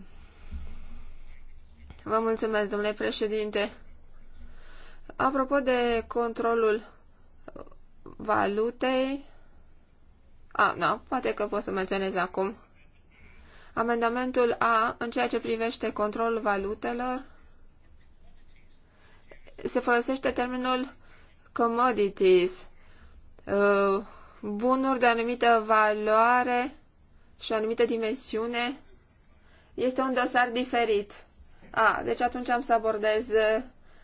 Vă mulțumesc, domnule președinte. Apropo de controlul valutei, a, nu poate că pot să menționez acum. Amendamentul A, în ceea ce privește controlul valutelor, se folosește termenul commodities, uh, bunuri de anumită valoare și o anumită dimensiune, este un dosar diferit. A, deci atunci am să abordez,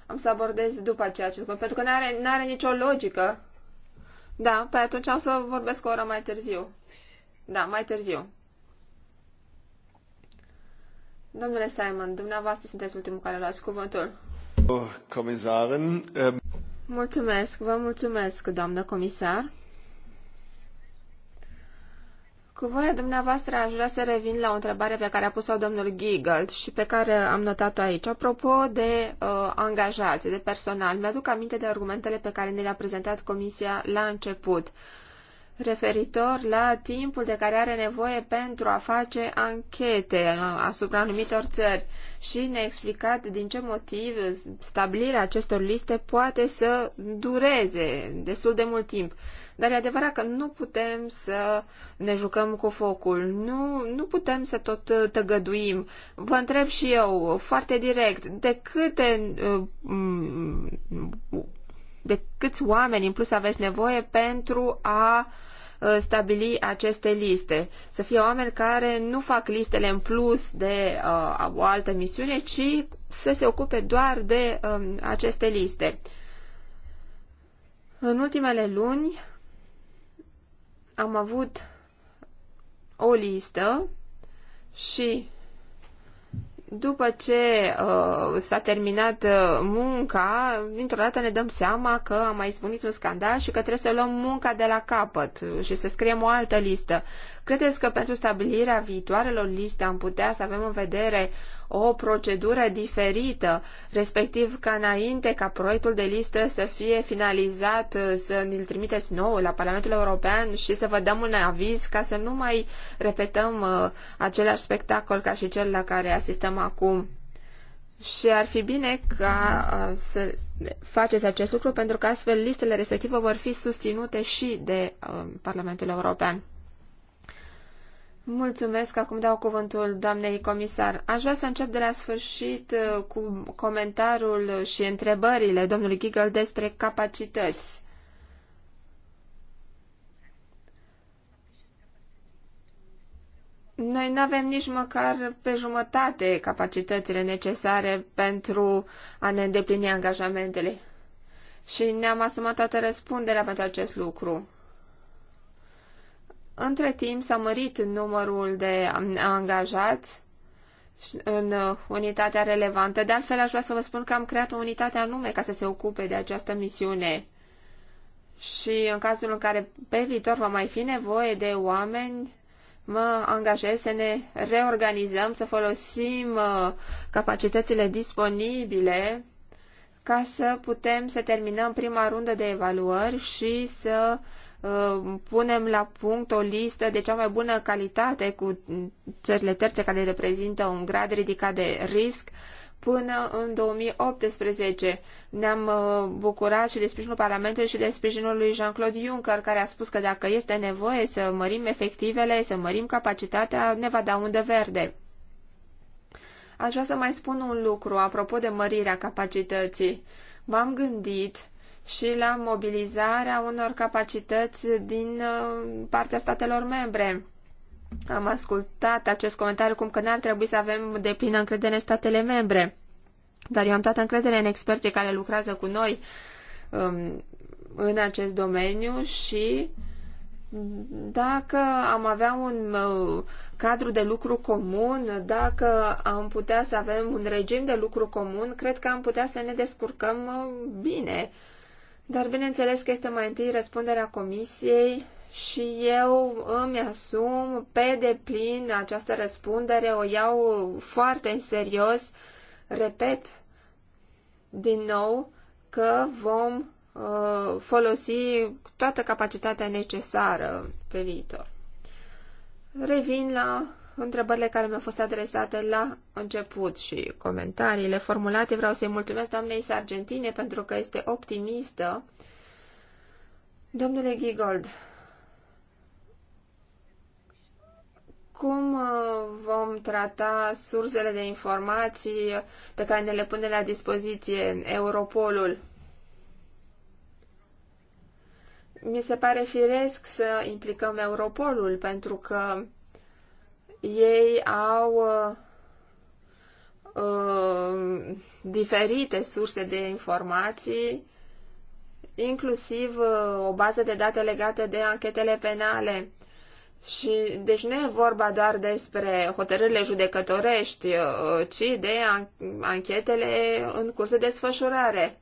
am să abordez după aceea ce spun, pentru că nu are are nicio logică. Da, pe păi atunci am să vorbesc o oră mai târziu. Da, mai târziu. Domnule Simon, dumneavoastră sunteți ultimul care luați cuvântul. Comisaren. Um... Mulțumesc, vă mulțumesc, doamnă comisar. Cu voia dumneavoastră aș vrea să revin la o întrebare pe care a pus-o domnul Giggle și pe care am notat-o aici. Apropo de uh, angajați, de personal, mi-aduc aminte de argumentele pe care ne le-a prezentat Comisia la început. Uh, referitor la timpul de care are nevoie pentru a face anchete asupra anumitor țări și ne-a explicat din ce motiv stabilirea acestor liste poate să dureze destul de mult timp. Dar e adevărat că nu putem să ne jucăm cu focul, nu, nu putem să tot tăgăduim. Vă întreb și eu foarte direct, de câte uh, de câți oameni în plus aveți nevoie pentru a uh, stabili aceste liste. Să fie oameni care nu fac listele în plus de uh, o altă misiune, ci să se ocupe doar de uh, aceste liste. În ultimele luni am avut o listă și după ce uh, s-a terminat uh, munca, dintr-o dată ne dăm seama că am mai spunit un scandal și că trebuie să luăm munca de la capăt și să scriem o altă listă. Credeți că pentru stabilirea viitoarelor liste am putea să avem în vedere o procedură diferită, respectiv ca înainte ca proiectul de listă să fie finalizat, uh, să ne-l trimiteți nou la Parlamentul European și să vă dăm un aviz ca să nu mai repetăm uh, același spectacol ca și cel la care asistăm acum. Și ar fi bine ca uh, să faceți acest lucru pentru că astfel listele respective vor fi susținute și de Parlamentul European. Mulțumesc, acum dau cuvântul doamnei comisar. Aș vrea să încep de la sfârșit uh, cu comentariul și întrebările domnului Giggle despre capacități. Noi nu avem nici măcar pe jumătate capacitățile necesare pentru a ne îndeplini angajamentele. Și ne-am asumat toată răspunderea pentru acest lucru. Între timp s-a mărit numărul de angajați în unitatea relevantă. De altfel, aș vrea să vă spun că am creat o unitate anume ca să se ocupe de această misiune. Și în cazul în care pe viitor va mai fi nevoie de oameni, mă angajez să ne reorganizăm, să folosim uh, capacitățile disponibile ca să putem să terminăm prima rundă de evaluări și să Uh, punem la punct o listă de cea mai bună calitate cu țările terțe care reprezintă un grad ridicat de risc până în 2018. Ne-am uh, bucurat și de sprijinul Parlamentului și de sprijinul lui Jean-Claude Juncker, care a spus că dacă este nevoie să mărim efectivele, să mărim capacitatea, ne va da undă verde. Aș vrea să mai spun un lucru apropo de mărirea capacității. M-am gândit și la mobilizarea unor capacități din uh, partea statelor membre. Am ascultat acest comentariu cum că n-ar trebui să avem de plină încredere în statele membre. Dar eu am toată încredere în experții care lucrează cu noi um, în acest domeniu și dacă am avea un uh, cadru de lucru comun, dacă am putea să avem un regim de lucru comun, cred că am putea să ne descurcăm uh, bine. Uh, dar bineînțeles că este mai întâi răspunderea comisiei și eu îmi asum pe deplin această răspundere, o iau foarte în serios. Repet din nou că vom uh, folosi toată capacitatea necesară pe viitor. Revin la întrebările care mi-au fost adresate la început și comentariile formulate. Vreau să-i mulțumesc doamnei Sargentine pentru că este optimistă. Domnule Gigold, cum uh, vom trata sursele de informații pe care ne le pune la dispoziție Europolul? Mi se pare firesc să implicăm Europolul pentru că ei au uh, uh, diferite surse de informații, inclusiv uh, o bază de date legată de anchetele penale. Și, deci nu e vorba doar despre hotărârile judecătorești, uh, ci de an anchetele în curs de desfășurare.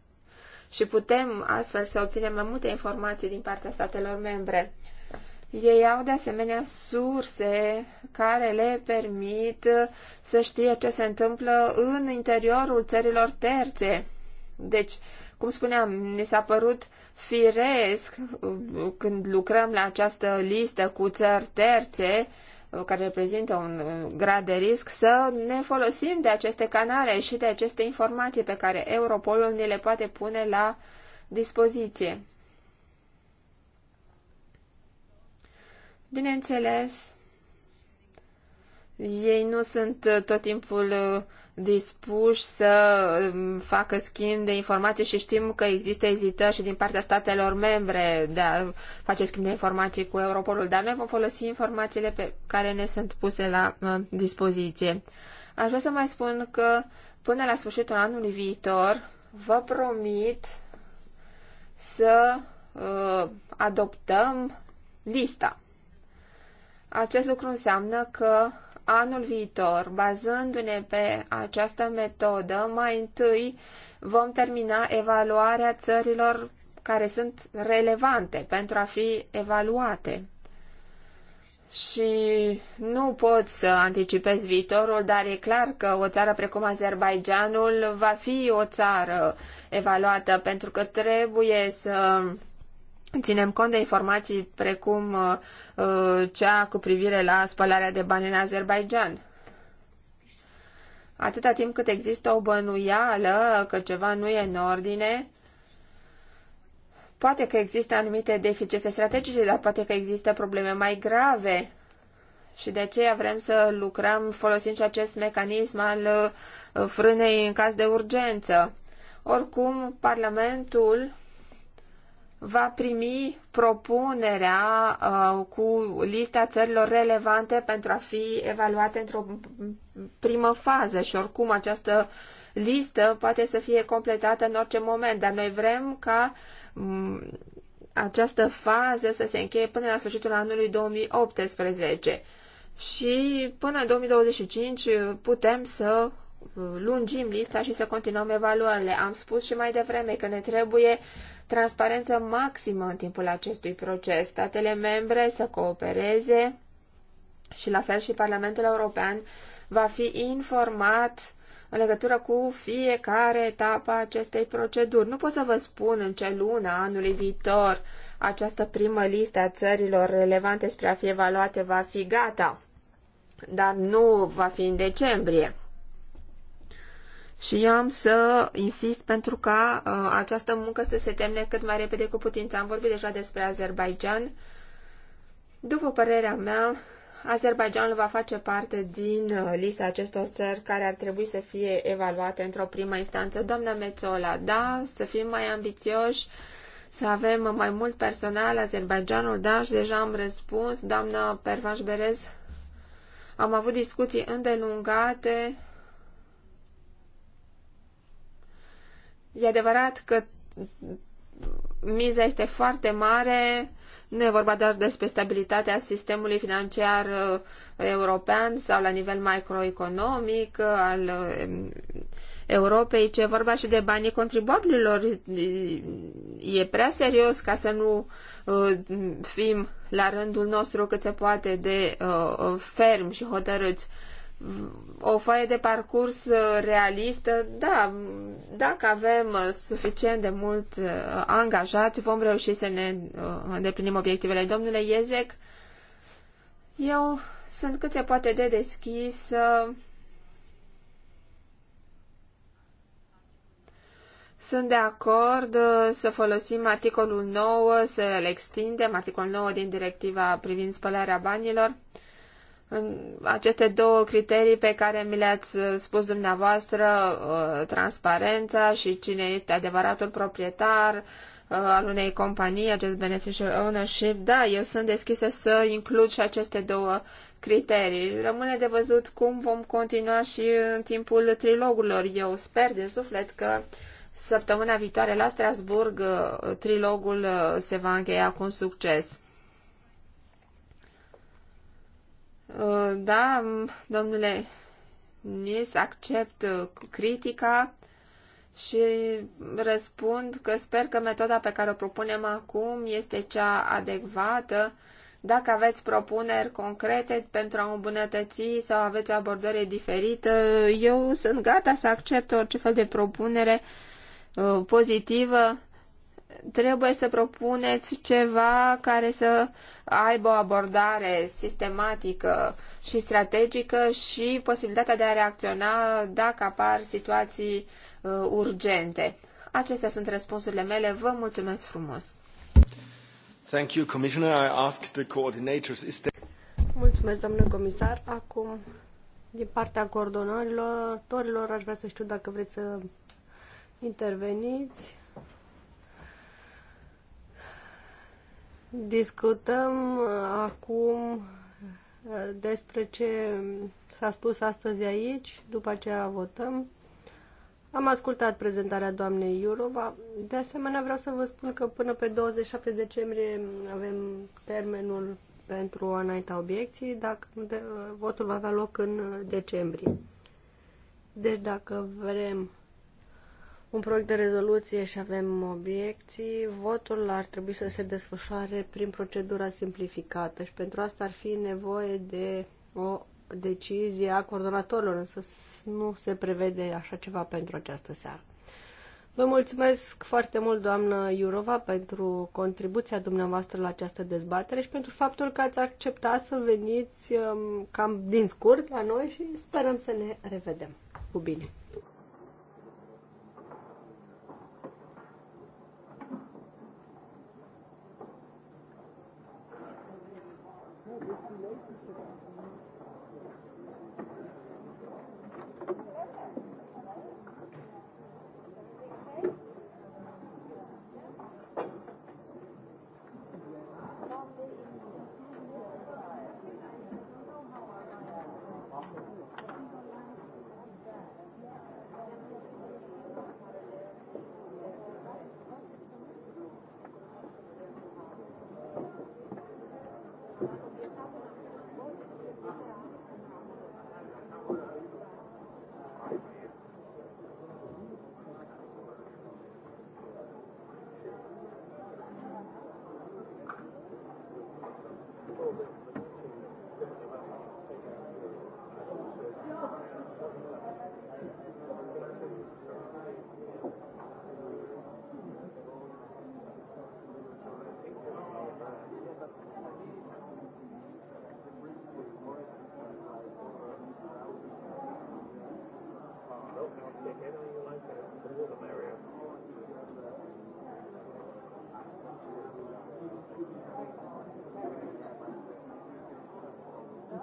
Și putem astfel să obținem mai multe informații din partea statelor membre. Ei au de asemenea surse care le permit să știe ce se întâmplă în interiorul țărilor terțe. Deci, cum spuneam, ne s-a părut firesc uh, când lucrăm la această listă cu țări terțe, uh, care reprezintă un uh, grad de risc, să ne folosim de aceste canale și de aceste informații pe care Europolul ne le poate pune la dispoziție. Bineînțeles, ei nu sunt uh, tot timpul uh, dispuși să um, facă schimb de informații și știm că există ezitări și din partea statelor membre de a face schimb de informații cu Europolul, dar noi vom folosi informațiile pe care ne sunt puse la uh, dispoziție. Aș vrea să mai spun că până la sfârșitul anului viitor vă promit să uh, adoptăm lista acest lucru înseamnă că anul viitor, bazându-ne pe această metodă, mai întâi vom termina evaluarea țărilor care sunt relevante pentru a fi evaluate. Și nu pot să anticipez viitorul, dar e clar că o țară precum Azerbaijanul va fi o țară evaluată pentru că trebuie să Ținem cont de informații precum uh, uh, cea cu privire la spălarea de bani în Azerbaijan. Atâta timp cât există o bănuială că ceva nu e în ordine, poate că există anumite deficiențe strategice, dar poate că există probleme mai grave. Și de aceea vrem să lucrăm folosind și acest mecanism al uh, frânei în caz de urgență. Oricum, Parlamentul va primi propunerea uh, cu lista țărilor relevante pentru a fi evaluate într-o primă fază și oricum această listă poate să fie completată în orice moment, dar noi vrem ca um, această fază să se încheie până la sfârșitul anului 2018 și până în 2025 putem să uh, lungim lista și să continuăm evaluările. Am spus și mai devreme că ne trebuie transparență maximă în timpul acestui proces. Statele membre să coopereze și la fel și Parlamentul European va fi informat în legătură cu fiecare etapă a acestei proceduri. Nu pot să vă spun în ce lună anului viitor această primă listă a țărilor relevante spre a fi evaluate va fi gata, dar nu va fi în decembrie. Și eu am să insist pentru ca uh, această muncă să se termine cât mai repede cu putință. Am vorbit deja despre Azerbaijan. După părerea mea, Azerbaijanul va face parte din uh, lista acestor țări care ar trebui să fie evaluate într-o primă instanță. Doamna Mețola, da, să fim mai ambițioși, să avem mai mult personal, Azerbaijanul, da, și deja am răspuns. Doamna Pervaș Berez, am avut discuții îndelungate E adevărat că miza este foarte mare, nu e vorba doar despre stabilitatea sistemului financiar uh, european sau la nivel macroeconomic uh, al uh, Europei, ci e vorba și de banii contribuabililor. E prea serios ca să nu fim la rândul nostru cât se poate de ferm și hotărâți o foaie de parcurs uh, realistă, da, dacă avem uh, suficient de mult uh, angajați, vom reuși să ne îndeplinim obiectivele. Domnule Iezec, eu sunt cât se poate de deschis Sunt de acord să folosim articolul 9, să-l extindem, articolul 9 din directiva privind spălarea banilor, aceste două criterii pe care mi le-ați uh, spus dumneavoastră, uh, transparența și cine este adevăratul proprietar uh, al unei companii, acest beneficial ownership, da, eu sunt deschisă să includ și aceste două criterii. Rămâne de văzut cum vom continua și în timpul trilogurilor. Eu sper de suflet că săptămâna viitoare la Strasburg trilogul se va încheia cu un succes. Uh, da, domnule se accept uh, critica și răspund că sper că metoda pe care o propunem acum este cea adecvată. Dacă aveți propuneri concrete pentru a îmbunătăți sau aveți o abordare diferită, eu sunt gata să accept orice fel de propunere uh, pozitivă trebuie să propuneți ceva care să aibă o abordare sistematică și strategică și posibilitatea de a reacționa dacă apar situații uh, urgente. Acestea sunt răspunsurile mele. Vă mulțumesc frumos. Thank you, Commissioner. I ask the coordinators is there... Mulțumesc, domnule comisar. Acum, din partea coordonatorilor, aș vrea să știu dacă vreți să interveniți. Discutăm uh, acum uh, despre ce s-a spus astăzi aici, după aceea votăm. Am ascultat prezentarea doamnei Iurova. De asemenea, vreau să vă spun că până pe 27 decembrie avem termenul pentru a înainta obiecții, dacă uh, votul va avea loc în decembrie. Deci dacă vrem un proiect de rezoluție și avem obiecții, votul ar trebui să se desfășoare prin procedura simplificată și pentru asta ar fi nevoie de o decizie a coordonatorilor, însă nu se prevede așa ceva pentru această seară. Vă mulțumesc foarte mult, doamnă Iurova, pentru contribuția dumneavoastră la această dezbatere și pentru faptul că ați acceptat să veniți um, cam din scurt la noi și sperăm să ne revedem. Cu bine!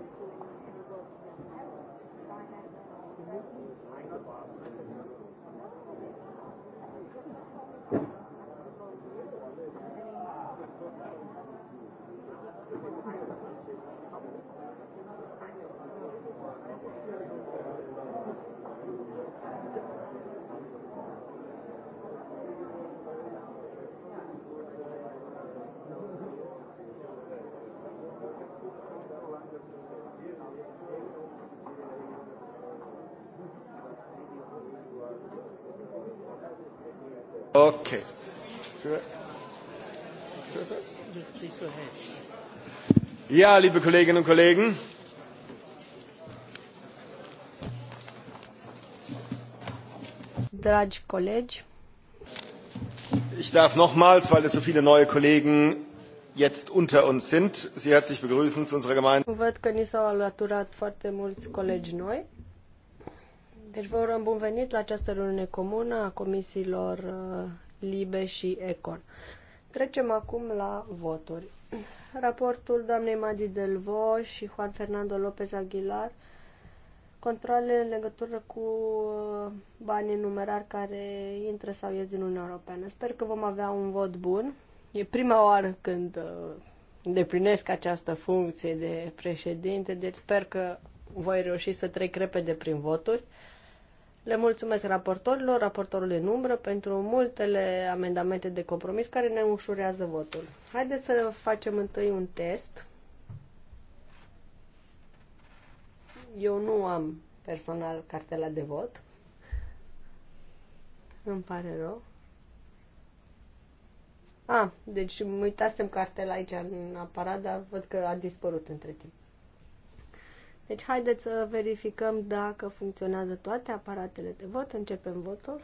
Thank you. Okay. Ja, liebe Kolleginnen und Kollegen. Dragi colegi. Ich darf nochmals, weil es so viele neue Kollegen jetzt unter uns sind, Sie herzlich begrüßen zu unserer Gemeinde. Văd că ni s-au alăturat foarte mulți colegi noi. Deci vă urăm bun venit la această reuniune comună a comisiilor uh, LIBE și ECON. Trecem acum la voturi. Raportul doamnei Madi Delvo și Juan Fernando López Aguilar controle în legătură cu uh, banii numerari care intră sau ies din Uniunea Europeană. Sper că vom avea un vot bun. E prima oară când uh, îndeplinesc această funcție de președinte, deci sper că voi reuși să trec repede prin voturi. Le mulțumesc raportorilor, raportorul în umbră, pentru multele amendamente de compromis care ne ușurează votul. Haideți să facem întâi un test. Eu nu am personal cartela de vot. Îmi pare rău. A, ah, deci uitasem cartela aici în aparat, dar văd că a dispărut între timp. Deci haideți să verificăm dacă funcționează toate aparatele de vot. Începem votul.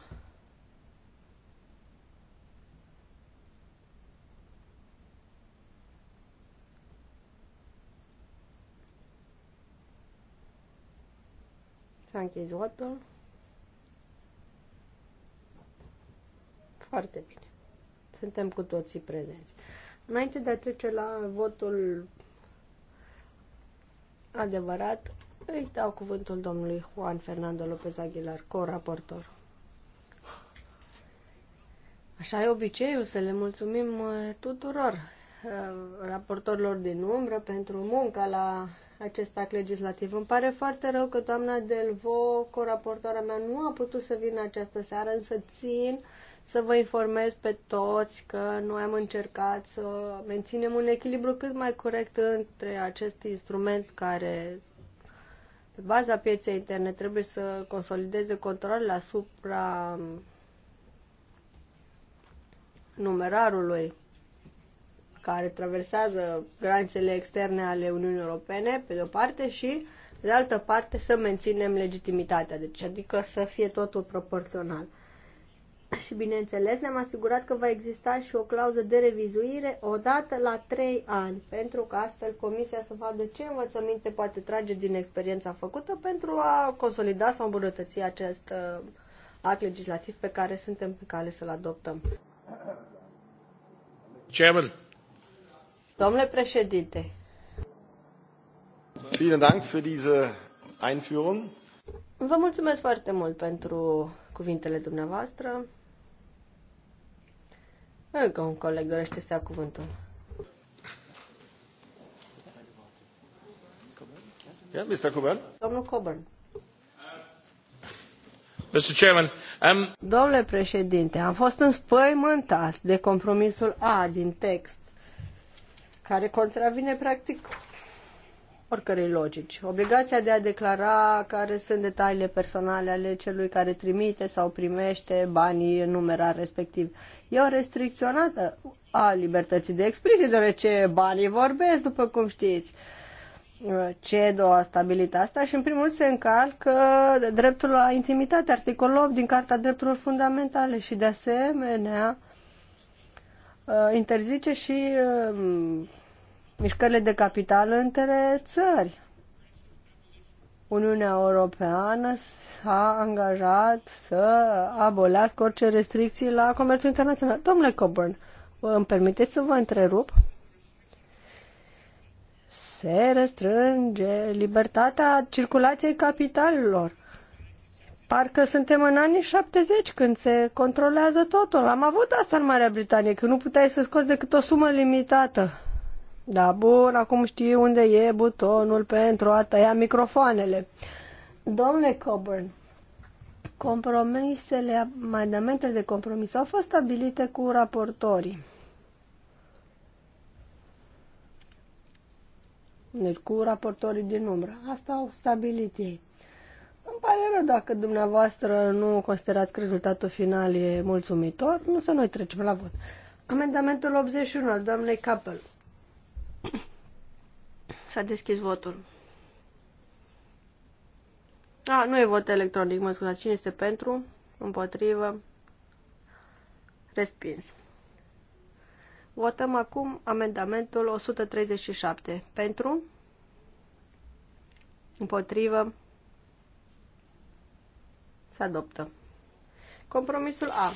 S-a închis votul. Foarte bine. Suntem cu toții prezenți. Înainte de a trece la votul adevărat, îi dau cuvântul domnului Juan Fernando López Aguilar, co-raportor. Așa e obiceiul să le mulțumim uh, tuturor uh, raportorilor din umbră pentru munca la acest act legislativ. Îmi pare foarte rău că doamna Delvo, co-raportoarea mea, nu a putut să vină această seară, însă țin să vă informez pe toți că noi am încercat să menținem un echilibru cât mai corect între acest instrument care pe baza pieței interne trebuie să consolideze controlul asupra numerarului care traversează granițele externe ale Uniunii Europene, pe de o parte, și pe de altă parte să menținem legitimitatea, deci adică să fie totul proporțional. Și bineînțeles ne-am asigurat că va exista și o clauză de revizuire odată la 3 ani, pentru că astfel comisia să vadă ce învățăminte poate trage din experiența făcută pentru a consolida sau îmbunătăți acest uh, act legislativ pe care suntem pe cale să-l adoptăm. Chairman. Domnule președinte. Vielen Dank für diese Einführung. Vă mulțumesc foarte mult pentru cuvintele dumneavoastră. Încă un coleg dorește să ia cuvântul. Yeah, Mr. Coburn. Domnul Coburn. Mr. Chairman, um... Domnule președinte, am fost înspăimântat de compromisul A din text, care contravine practic oricărei logici. Obligația de a declara care sunt detaliile personale ale celui care trimite sau primește banii în numera respectiv. E o restricționată a libertății de expresie, deoarece banii vorbesc, după cum știți. CEDO a stabilit asta și, în primul rând, se încalcă dreptul la intimitate, articolul 8 din Carta Drepturilor Fundamentale și, de asemenea, uh, interzice și um, mișcările de capital între țări. Uniunea Europeană s-a angajat să abolească orice restricții la comerțul internațional. Domnule Coburn, îmi permiteți să vă întrerup? Se restrânge libertatea circulației capitalilor. Parcă suntem în anii 70 când se controlează totul. Am avut asta în Marea Britanie, că nu puteai să scoți decât o sumă limitată da, bun, acum știi unde e butonul pentru a tăia microfoanele. Domnule Coburn, compromisele, amendamentele de compromis au fost stabilite cu raportorii. Deci cu raportorii din umbră. Asta au stabilit ei. Îmi pare rău dacă dumneavoastră nu considerați că rezultatul final e mulțumitor. Nu să noi trecem la vot. Amendamentul 81 al doamnei Capel. S-a deschis votul. A, nu e vot electronic, mă scuzați. Cine este pentru? Împotrivă? Respins. Votăm acum amendamentul 137. Pentru? Împotrivă? Se adoptă. Compromisul A.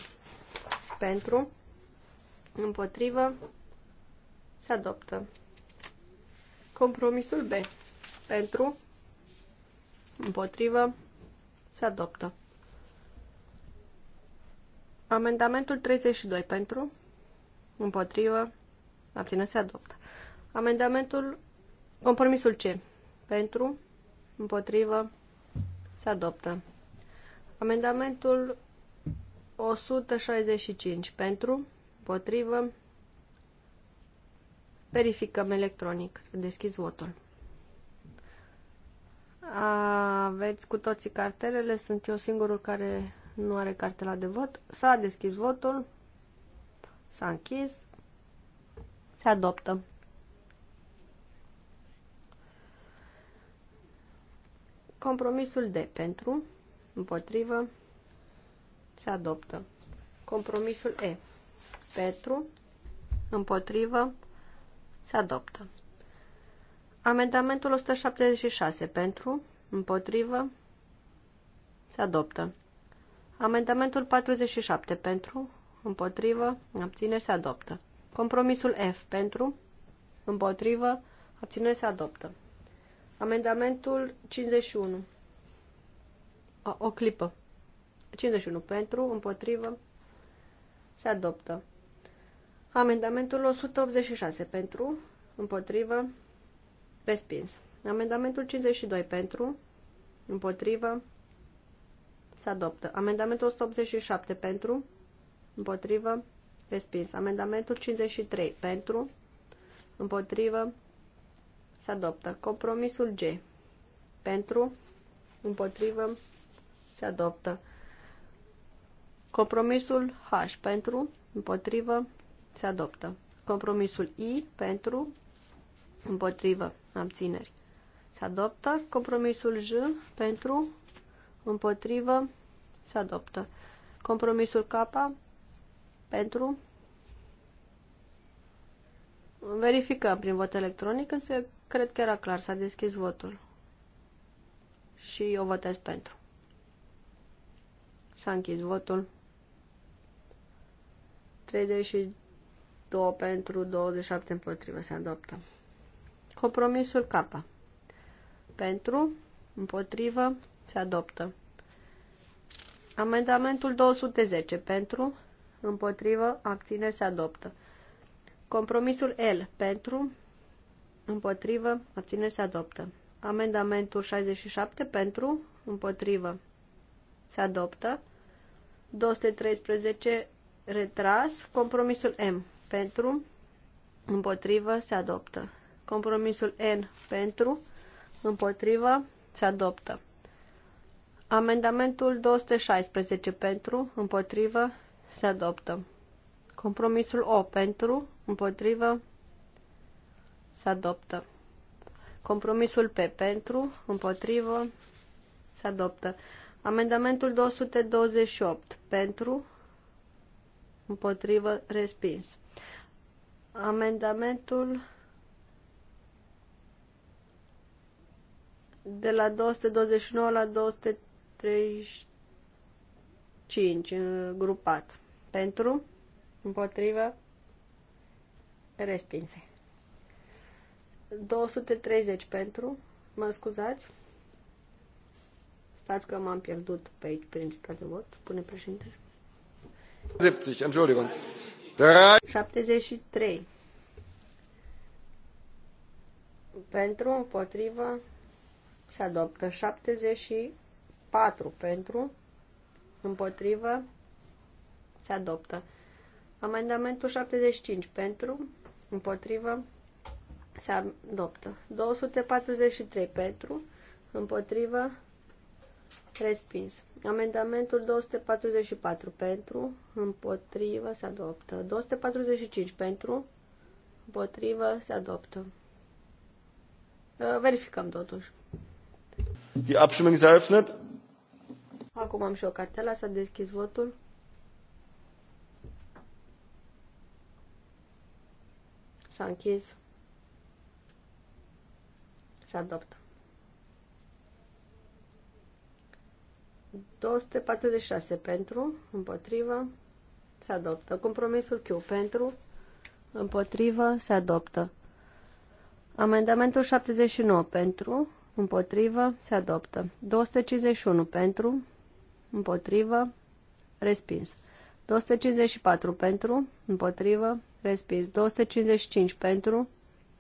Pentru? Împotrivă? Se adoptă. Compromisul B. Pentru, împotrivă, se adoptă. Amendamentul 32 pentru, împotrivă, abține, se adoptă. Amendamentul, compromisul C. Pentru, împotrivă, se adoptă. Amendamentul 165 pentru, împotrivă, Verificăm electronic. Să deschizi votul. Aveți cu toții cartelele. Sunt eu singurul care nu are cartela de vot. S-a deschis votul. S-a închis. Se adoptă. Compromisul de pentru, împotrivă, se adoptă. Compromisul E pentru, împotrivă, se adoptă. Amendamentul 176 pentru, împotrivă, se adoptă. Amendamentul 47 pentru, împotrivă, abțineri se adoptă. Compromisul F pentru, împotrivă, abțineri se adoptă. Amendamentul 51. O, o clipă. 51 pentru, împotrivă, se adoptă. Amendamentul 186 pentru, împotrivă, respins. Amendamentul 52 pentru, împotrivă, se adoptă. Amendamentul 187 pentru, împotrivă, respins. Amendamentul 53 pentru, împotrivă, se adoptă. Compromisul G pentru, împotrivă, se adoptă. Compromisul H pentru, împotrivă, se adoptă. Compromisul I pentru, împotrivă, abțineri. Se adoptă. Compromisul J pentru, împotrivă, se adoptă. Compromisul K pentru, verificăm prin vot electronic, însă cred că era clar, s-a deschis votul. Și eu votez pentru. S-a închis votul. 32 2 pentru, 27 împotrivă. Se adoptă. Compromisul K. Pentru, împotrivă, se adoptă. Amendamentul 210 pentru, împotrivă, abține, se adoptă. Compromisul L pentru, împotrivă, abține, se adoptă. Amendamentul 67 pentru, împotrivă, se adoptă. 213 retras, compromisul M pentru, împotrivă, se adoptă. Compromisul N pentru, împotrivă, se adoptă. Amendamentul 216 pentru, împotrivă, se adoptă. Compromisul O pentru, împotrivă, se adoptă. Compromisul P pentru, împotrivă, se adoptă. Amendamentul 228 pentru, împotrivă, respins. Amendamentul de la 229 la 235 uh, grupat. Pentru, împotrivă, respinse. 230 pentru, mă scuzați. Stați că m-am pierdut pe aici prin de vot, spune președinte. 70, Entschuldigung. 73. Pentru, împotrivă, se adoptă 74 pentru, împotrivă, se adoptă. Amendamentul 75 pentru, împotrivă, se adoptă. 243 pentru, împotrivă, Respins. Amendamentul 244 pentru, împotrivă, se adoptă. 245 pentru, împotrivă, se adoptă. Ă, verificăm totuși. Die Abstimmung ist eröffnet. Acum am și o cartela, s-a deschis votul. S-a închis. Se adoptă. 246 pentru, împotrivă, se adoptă. Compromisul Q pentru, împotrivă, se adoptă. Amendamentul 79 pentru, împotrivă, se adoptă. 251 pentru, împotrivă, respins. 254 pentru, împotrivă, respins. 255 pentru,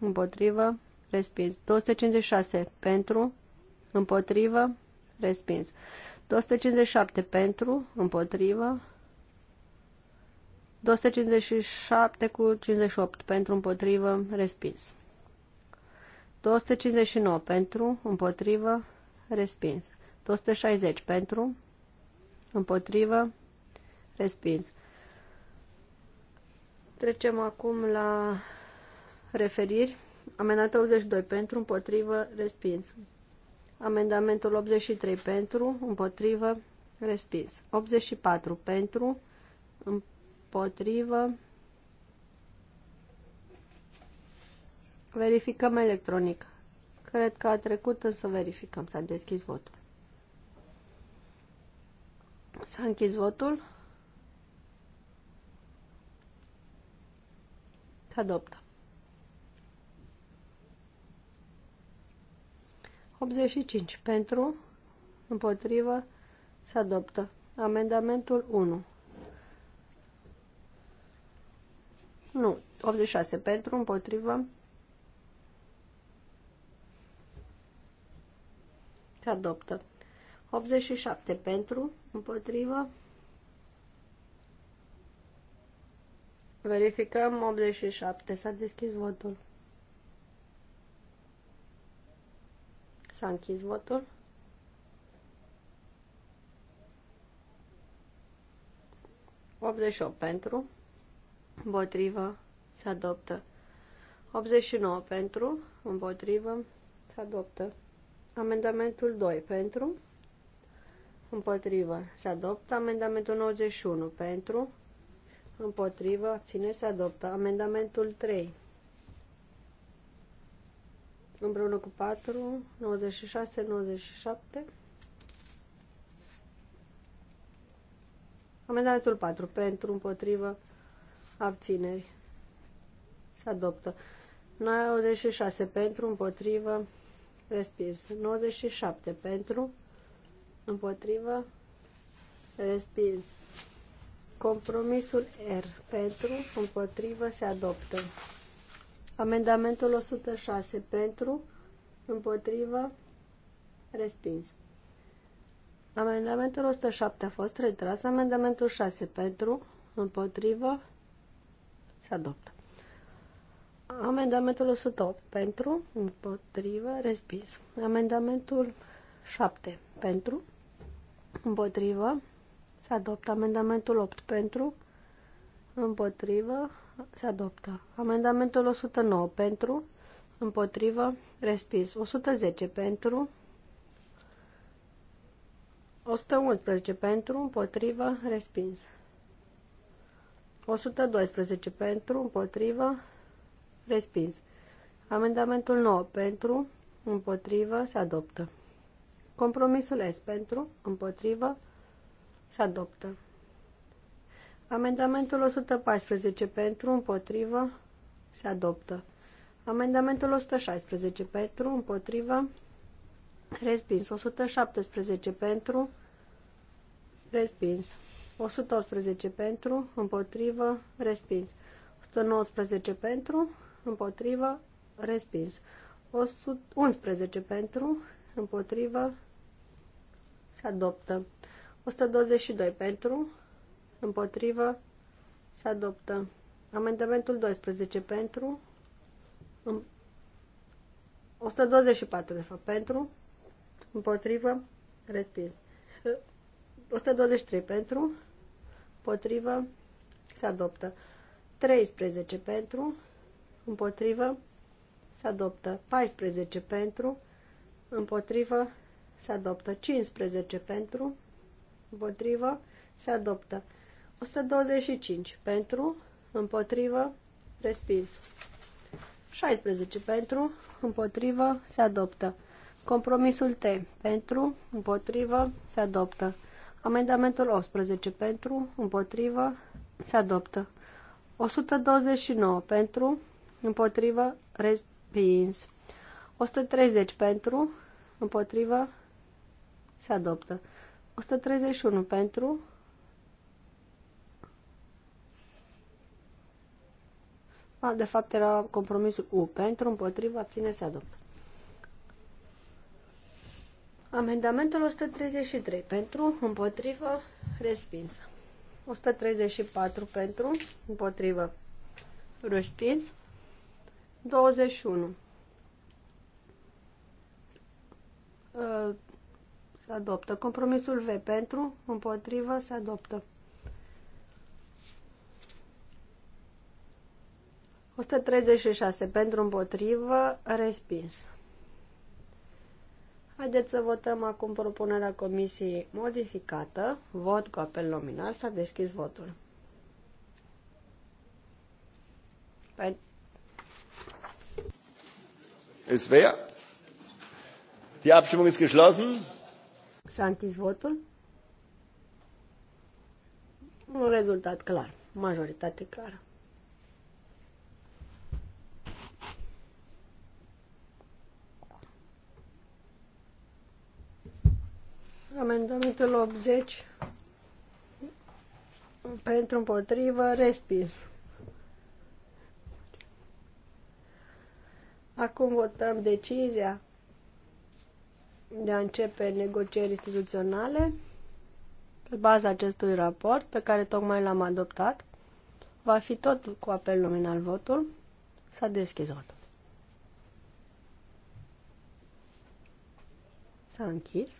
împotrivă, respins. 256 pentru, împotrivă, respins. 257 pentru, împotrivă. 257 cu 58 pentru, împotrivă, respins. 259 pentru, împotrivă, respins. 260 pentru, împotrivă, respins. Trecem acum la referiri. Amendat 82 pentru, împotrivă, respins. Amendamentul 83 pentru, împotrivă, respins. 84 pentru, împotrivă. Verificăm electronic. Cred că a trecut, însă verificăm. S-a deschis votul. S-a închis votul. Se adoptă. 85 pentru, împotrivă, se adoptă. Amendamentul 1. Nu, 86 pentru, împotrivă, se adoptă. 87 pentru, împotrivă, verificăm 87, s-a deschis votul. S-a închis votul. ...88 pentru, împotrivă, se adoptă. 89 pentru, împotrivă, se adoptă. Amendamentul 2 pentru, împotrivă, se adoptă. Amendamentul 91 pentru, împotrivă, ține, se adoptă. Amendamentul 3 împreună cu 4, 96, 97. Amendamentul 4 pentru, împotrivă, abțineri. Se adoptă. 96 pentru, împotrivă, respins. 97 pentru, împotrivă, respins. Compromisul R pentru, împotrivă, se adoptă. Amendamentul 106 pentru, împotrivă, respins. Amendamentul 107 a fost retras. Amendamentul 6 pentru, împotrivă, se adoptă. Amendamentul 108 pentru, împotrivă, respins. Amendamentul 7 pentru, împotrivă, se adoptă. Amendamentul 8 pentru, împotrivă, se adoptă. Amendamentul 109 pentru, împotrivă, respins. 110 pentru, 111 pentru, împotrivă, respins. 112 pentru, împotrivă, respins. Amendamentul 9 pentru, împotrivă, se adoptă. Compromisul S pentru, împotrivă, se adoptă. Amendamentul 114 pentru, împotrivă, se adoptă. Amendamentul 116 pentru, împotrivă, respins. 117 pentru, respins. 118 pentru, împotrivă, respins. 119 pentru, împotrivă, respins. 111 pentru, împotrivă, se adoptă. 122 pentru, Împotrivă. Se adoptă. Amendamentul 12 pentru. 124, de fapt, pentru. Împotrivă. Respins. 123 pentru. Împotrivă. Se adoptă. 13 pentru. Împotrivă. Se adoptă. 14 pentru. Împotrivă. Se adoptă. 15 pentru. Împotrivă. Se adoptă. 125 pentru, împotrivă, respins. 16 pentru, împotrivă, se adoptă. Compromisul T pentru, împotrivă, se adoptă. Amendamentul 18 pentru, împotrivă, se adoptă. 129 pentru, împotrivă, respins. 130 pentru, împotrivă, se adoptă. 131 pentru, A, de fapt era compromisul U. Pentru, împotriva, abține, se adoptă. Amendamentul 133. Pentru, împotrivă, respins. 134 pentru, împotrivă, respins. 21. Ă, se adoptă. Compromisul V pentru, împotrivă, se adoptă. 136 pentru împotrivă, respins. Haideți să votăm acum propunerea comisiei modificată. Vot cu apel nominal. S-a deschis votul. Pe... Es wer? Die Abstimmung ist geschlossen. S-a închis votul. Un rezultat clar. Majoritate clară. Amendamentul 80 pentru împotrivă respins. Acum votăm decizia de a începe negocieri instituționale pe baza acestui raport pe care tocmai l-am adoptat. Va fi tot cu apel nominal votul. S-a deschis votul. S-a închis.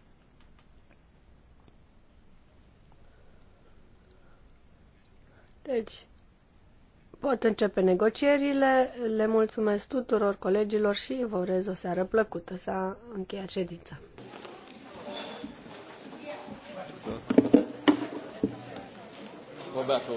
Deci, pot începe negocierile. Le mulțumesc tuturor colegilor și vă urez o seară plăcută. S-a încheiat ședința. Roberto.